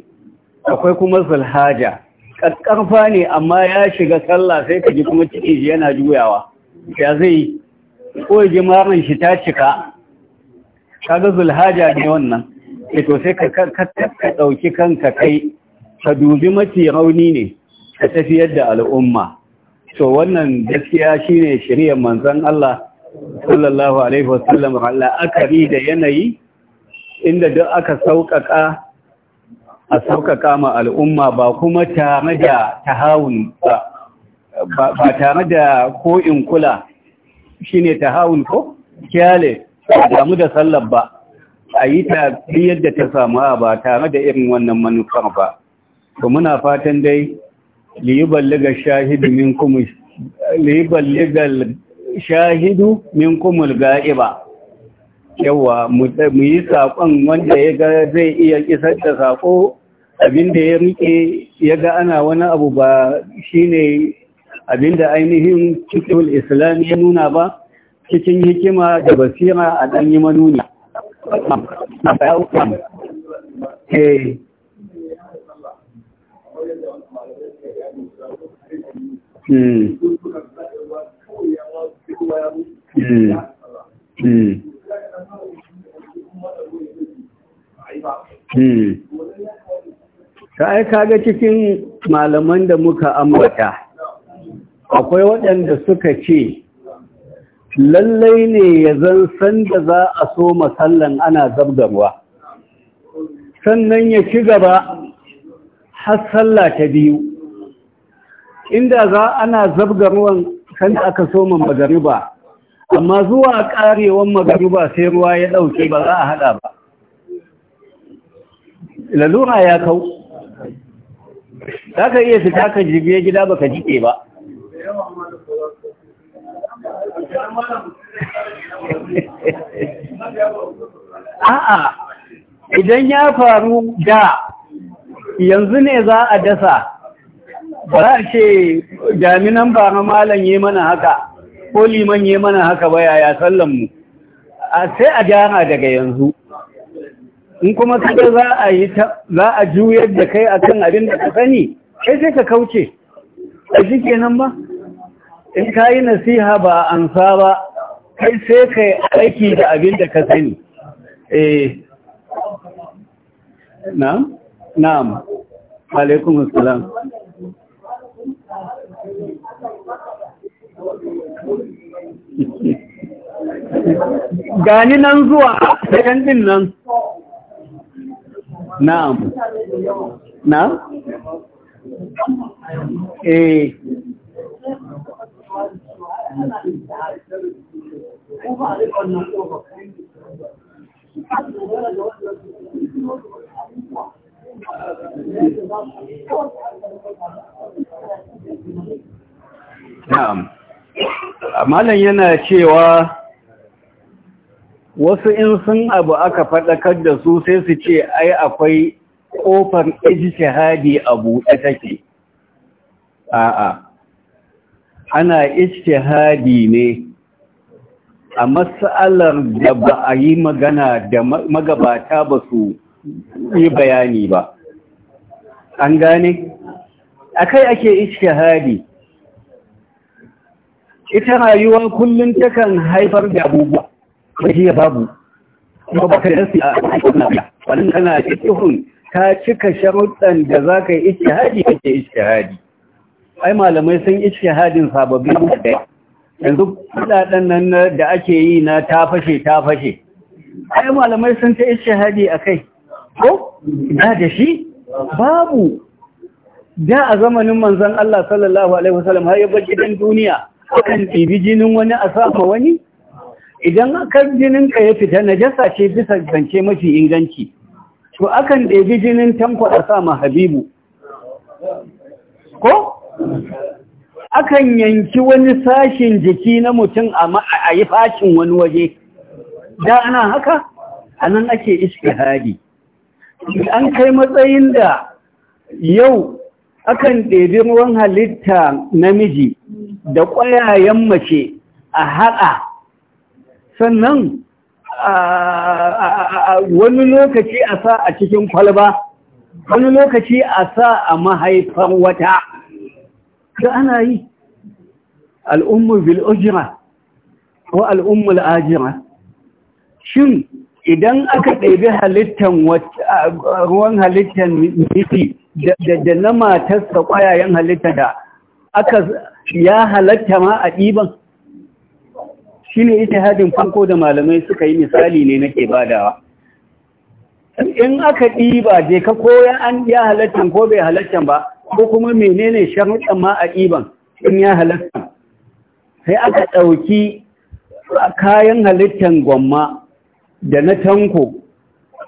akwai kuma zulhaja ƙaƙƙarfa ne amma ya shiga sallah sai ka ji kuma ciki shi yana juyawa ya zai ko ya ji shi ta cika ga zulhaja ne wannan ke eh to sai ka ɗauki kanka kai ka dubi mafi rauni ne ka tafiyar da al'umma to wannan gaskiya shine shiryar manzon Allah sallallahu alaihi wasallam la'akari da yanayi inda duk aka sauƙaƙa a saukaka ma al'umma ba kuma tare da tahawun ba ba tare da ko in kula shine ne tahawun ko kyale damu da sallar ba a yi ta yadda ta samu ba tare da irin wannan manufar ba to muna fatan dai liyiballigar shahidu min kuma shahidu min kuma ga'iba yawa mu yi saƙon wanda ya ga zai iya isar da saƙo abinda ya rike ya ga ana wani abu ba shine abinda ainihin cikin islam ya nuna ba cikin hikima da basira a ɗanyi manuni eh. Hmm. Hmm. Hmm. Hmm. ta ai kaga cikin malaman da muka ambata akwai waɗanda suka ce lallai ne ya zan san da za a so masallan ana zabgarwa sannan ya ci gaba har sallah ta biyu inda za ana zabgarwan kan aka soma magariba amma zuwa karewan magariba sai ruwa ya dauke ba za a hada ba lalura ya kau za ka iya fita ka jibiya gida baka jiƙe ba a'a idan ya faru da yanzu ne za a dasa ba a ce jami'an ba na malam yi mana haka ko liman yi mana haka ba yaya sallanmu a sai a jana daga yanzu in kuma kada za a yi za a juyar da kai akan abin da ka sani sai sai ka kauce a jike nan ba in ka yi nasiha ba a ansa ba kai sai ka yi aiki da abin da ka sani eh na'am na'am alaikum assalam gani nan zuwa da yan din nan na'am na eh Na'am. Malam yana cewa wasu in sun abu aka faɗakar da su sai su ce ai akwai ƙofar ijtihadi a buɗe take a'a ana ijtihadi ne a matsalar da ba a yi magana da magabata ba su yi bayani ba an gane akai ake ijtihadi ita rayuwa kullum takan haifar da abubuwa da ya babu kuma ba ka da nasi a aikin nafiya wannan kana cikin ka cika sharuɗan da za ka yi ishihadi kake ishihadi ai malamai sun ishihadin sababbi da yanzu kudaden nan da ake yi na ta fashe ta fashe ai malamai sun ta a akai ko da da shi babu da a zamanin manzon Allah sallallahu alaihi wasallam har ya bar gidan duniya kan tibi jinin wani a sama wani idan akan ka ya fita na jasa ce bisa zance mafi inganci to akan ɗebi jinin tanko a sa ma habibu ko akan yanki wani sashin jiki na mutum a yi fashin wani waje da ana haka a nan ake iske hadi. an kai matsayin da yau akan ɗebi ruwan halitta namiji da ƙwayayen mace a haɗa sannan wani lokaci a sa a cikin kwalba wani lokaci a sa a mahaifar wata ka ana yi al'ummul bil'ujira ko al'ummul ajira shin idan aka ɗaibi halittan ruwan halittan miti da na matarsa ƙwayayen halitta da aka ya halatta ma a ɗiban shi ne hadin farko da malamai suka yi misali ne nake badawa in aka ɗiba je ka koya an ya halattan ko bai halattan ba ko kuma menene sharuɗan ma a ɗiban in ya halattan sai aka ɗauki kayan halittan gwamma da na tanko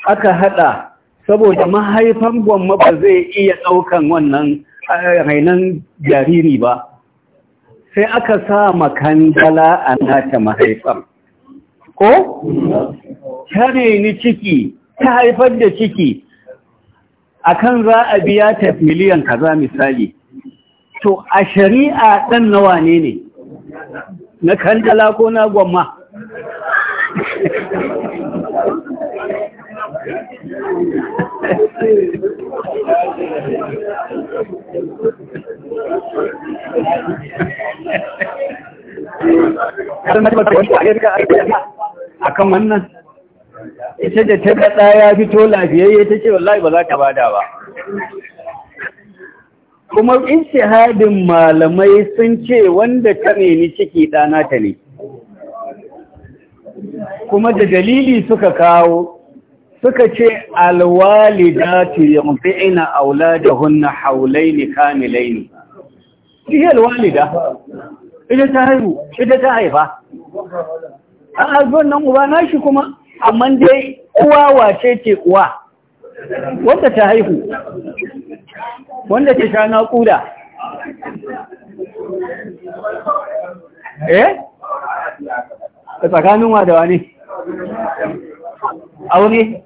aka haɗa saboda mahaifan gwamma ba zai iya ɗaukan wannan eh, rainan jariri ba sai aka sa makandala a nata mahaifar ko? tare ni ciki ta haifar da ciki akan za a biya ta miliyan kaza misali to a shari'a ɗan nawa ne ne na kandala ko na gwamma a kan wannan ita da ta ɗa ya fito lafiyayye ta ce wallahi ba za ta bada ba kuma hadin malamai sun ce wanda ta meni ciki ɗana ta ne kuma da dalili suka kawo suka ce ina alwalidatu haulai auladahunna haulaini kamilaini ihiyar walida ita ta haihu ita ta haifa A haifuwan nan uba na shi kuma amma dai uwa wace ce uwa wanda ta haihu wanda ta sha naƙuda eh a tsakanin wadawa ne aure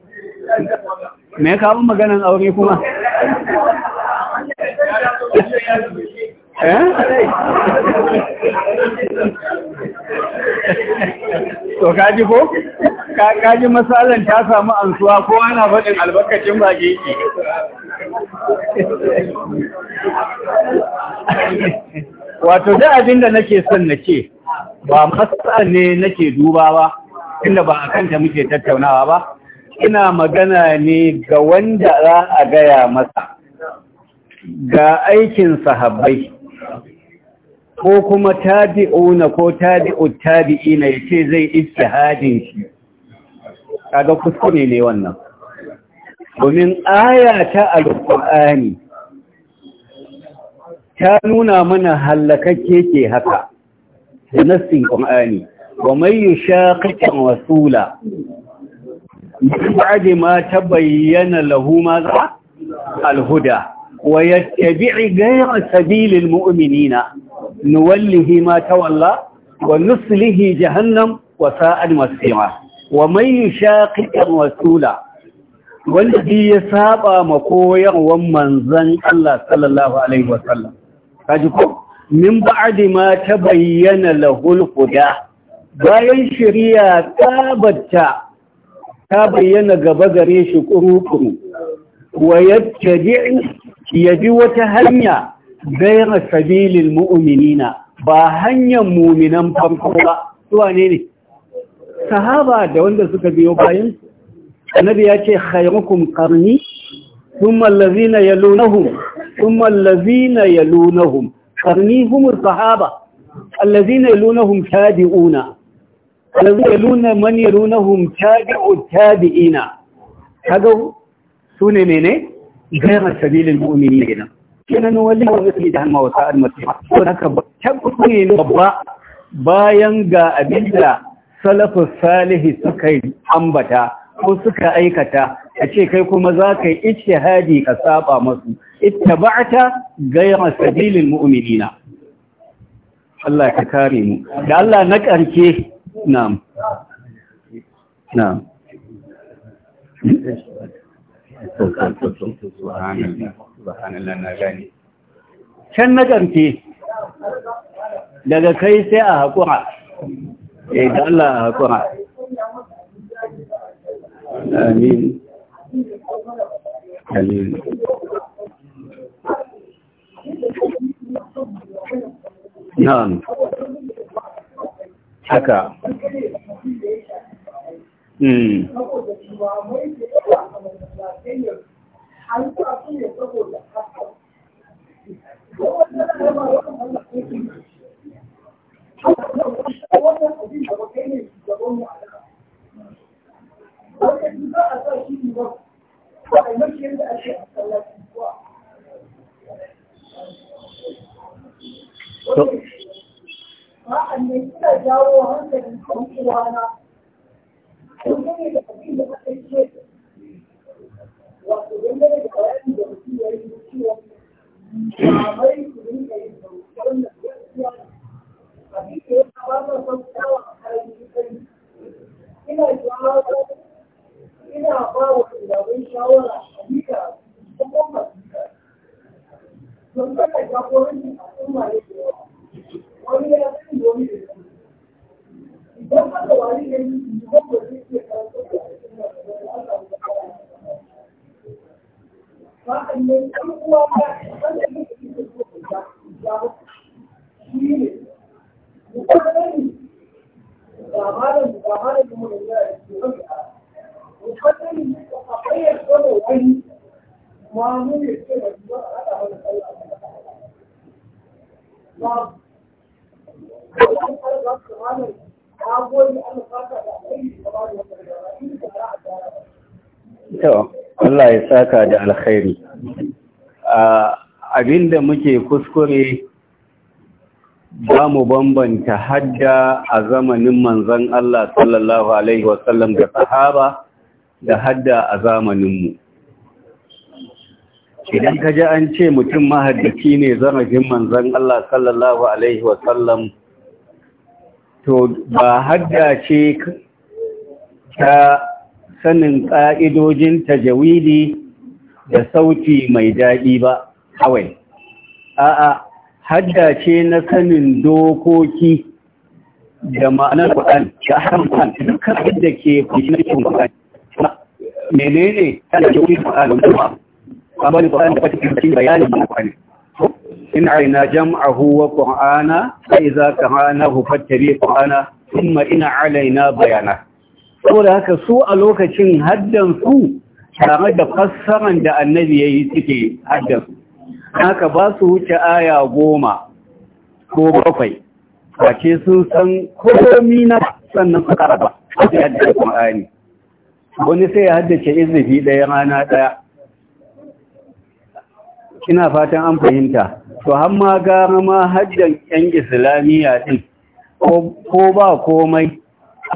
me kawo maganan aure kuma Eh? to kaji ko kaji matsalan ta samu ansuwa ko ana faɗin albarkacin baki ke. wato da abinda da nake son na ce ba matsalan ne nake duba ba inda ba a kanta muke tattaunawa ba ina magana ne ga wanda za a gaya masa ga aikin sahabbai ko kuma tabi'una ko tabi'u tabi'ina yace zai istihadin shi kaga kuskure ne wannan domin aya ta alqur'ani ta nuna mana halakakke ke haka da nassin qur'ani wa may yushaqiqu rasula ba'da ma tabayyana lahu ma za al-huda wa yattabi' ghayra sabilil mu'minina nuwallihi ma tawalla wa nuslihi jahannam wa sa'ad masira wa man yushaqiqir rasula wanda shi ya saba ma koyarwar manzon Allah sallallahu alaihi wasallam kaji ko min ba'di ma tabayyana lahul huda bayan shari'a tabatta ta bayyana gaba gare shi kuru-kuru wa ya bi wata hanya gaira sabilin mu'minina ba hanyar muminan farko ba suwa ne ne sahaba da wanda suka biyo bayan annabi ya ce khairukum qarni thumma allazina yalunahum thumma allazina yalunahum qarni hum sahaba allazina yalunahum tabi'una allazina yaluna man yalunahum tabi'u tabi'ina kaga sune ne ne gaira sabilil mu'minina kenan wajen wani su da hannu a almasiha ko da haka tabbata ne babba bayan ga abinda Salafu salihi suka yi ambata ko suka aikata a ce kai kuma za ka yi ijtihadi ka saba masu ittaba'ta ghayra sabilin mu'minina Allah ka kare mu da Allah na karke na na'am Thank you. subhanallah na gane can na ƙarfe daga kai sai a haƙura eh da Allah a haƙura amin amin na'am haka mm an sa su ne saboda haka wannan abin da ba shugaban a za a sa shi ba yadda ake a jawo da Idan aka wari ne, idan ba zai iya karanta da Allah sa'annan ɗan uwa ba wanda ne ke da so da shi ne mutane labarin labarin kuma da ya ke wani a mutane a bayar zama wani ma ne ce da zuwa a haɗa wani sallah ba wannan har za su kamar na gode an fata da aiki da ba da wata da ba in da da To, Allah ya saka da alkhairi. Abinda muke kuskure ba mu bambanta hadda a zamanin manzan Allah sallallahu Alaihi wasallam da sahaba da hadda a zamaninmu. Idan ka ji an ce mutum mahaddaki ne zarafin manzan Allah sallallahu Alaihi wasallam, to ba hadda ce ta sanin ƙa'idojin tajawili da sauti mai daɗi ba kawai. A'a, hadda ce na sanin dokoki da ma'anar Ƙwa'an, ka haramta dukkan da ke kusurkin Ƙwa'an. ne, ana ke wuri Ƙwa'an da ba? Amma da Ƙwa'an da ba ta cikin bayanin Ƙwa'an. In aina jam'ahu wa Ƙwa'ana, sai za ka hana hufattare Ƙwa'ana, kuma ina alaina bayana. saboda haka su a lokacin haddansu tare da fassaran da annabi ya yi suke haddansu haka ba su wuce aya goma ko bakwai wace sun san komi na sannan su karaba su haddace ƙwa'ani wani sai ya haddace izini ɗaya rana ɗaya ina fatan an fahimta to hamma gara ma haddan yan islamiyya din ko ba komai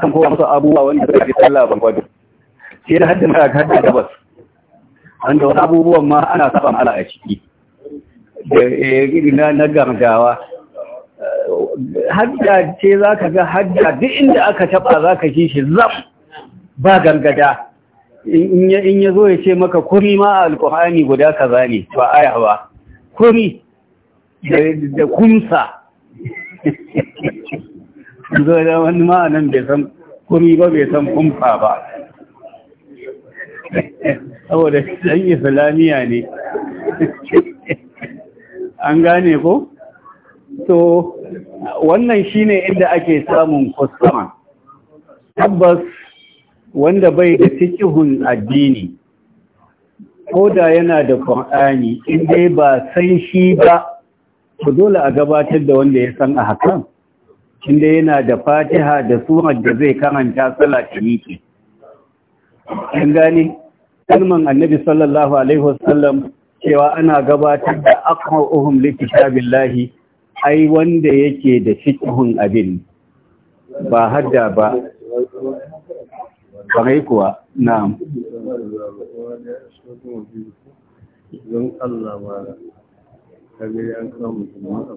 akan kowa musu abubuwa wanda zai fi sallah ban gwado sai da haddin ka hadda gabas wanda wasu abubuwan ma ana saba mala a ciki da eh, na gargawa hadda ce za ka ga hadda duk inda aka taba za ka ji shi zam ba gangada in ya zo ya ce maka kuri ma alkuhani guda kaza ne ba aya ba kuri da kumsa zo wani ba bai san kumfa ba saboda ɗan islamiyya ne an gane ko? to wannan shine inda ake samun kwastama tabbas wanda bai da fikihun addini ko da yana da in dai ba san shi ba to dole a gabatar da wanda ya san a hakan inda yana da fatiha da surar da zai karanta salata yake an gani kalman annabi sallallahu alaihi wasallam cewa ana gabatar da aqra'uhum li kitabillahi ai wanda yake da fiqhun abin ba hadda ba kamar kuwa na'am don Allah ba kaga an kama mutum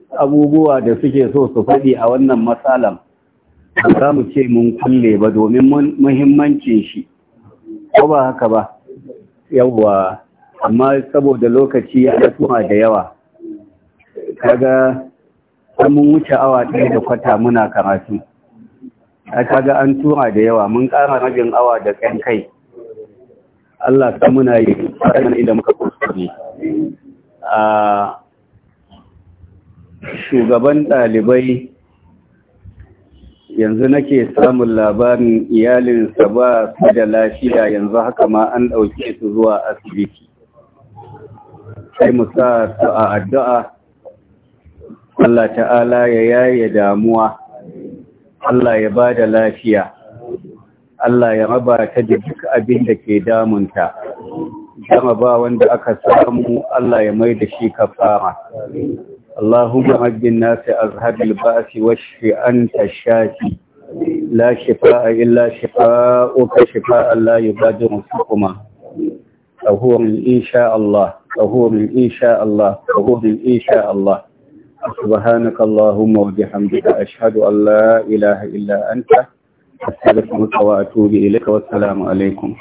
abubuwa da suke so su faɗi a wannan matsalan za mu ce mun kulle ba domin muhimmancin shi ko ba haka ba yawwa amma saboda lokaci ya kuma da yawa kaga mun wuce awa ɗaya da kwata muna karatu kaga an tura da yawa mun ƙara rabin awa da ƙan kai Allah ta muna yi ƙarfin idan muka kuskure ah, shugaban ɗalibai yanzu nake samun labarin iyalinsa ba su da lafiya yanzu haka ma an ɗauke su zuwa asibiti sai mu sa su a addu'a Allah ta'ala ya yaye damuwa Allah ya ba da lafiya Allah ya raba ta da duk abin da ke damunta jama ba wanda aka samu Allah ya mai da shi kafara اللهم عد الناس أذهب البأس واشف أنت الشافي لا شفاء إلا شفاءك شفاء لا يبادر سقما طهور إن شاء الله طهور إن شاء الله طهور إن شاء الله سبحانك اللهم وبحمدك أشهد أن لا إله إلا أنت أستغفرك وأتوب إليك والسلام عليكم.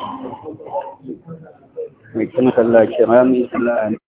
Mai kuma Allah kirami Allah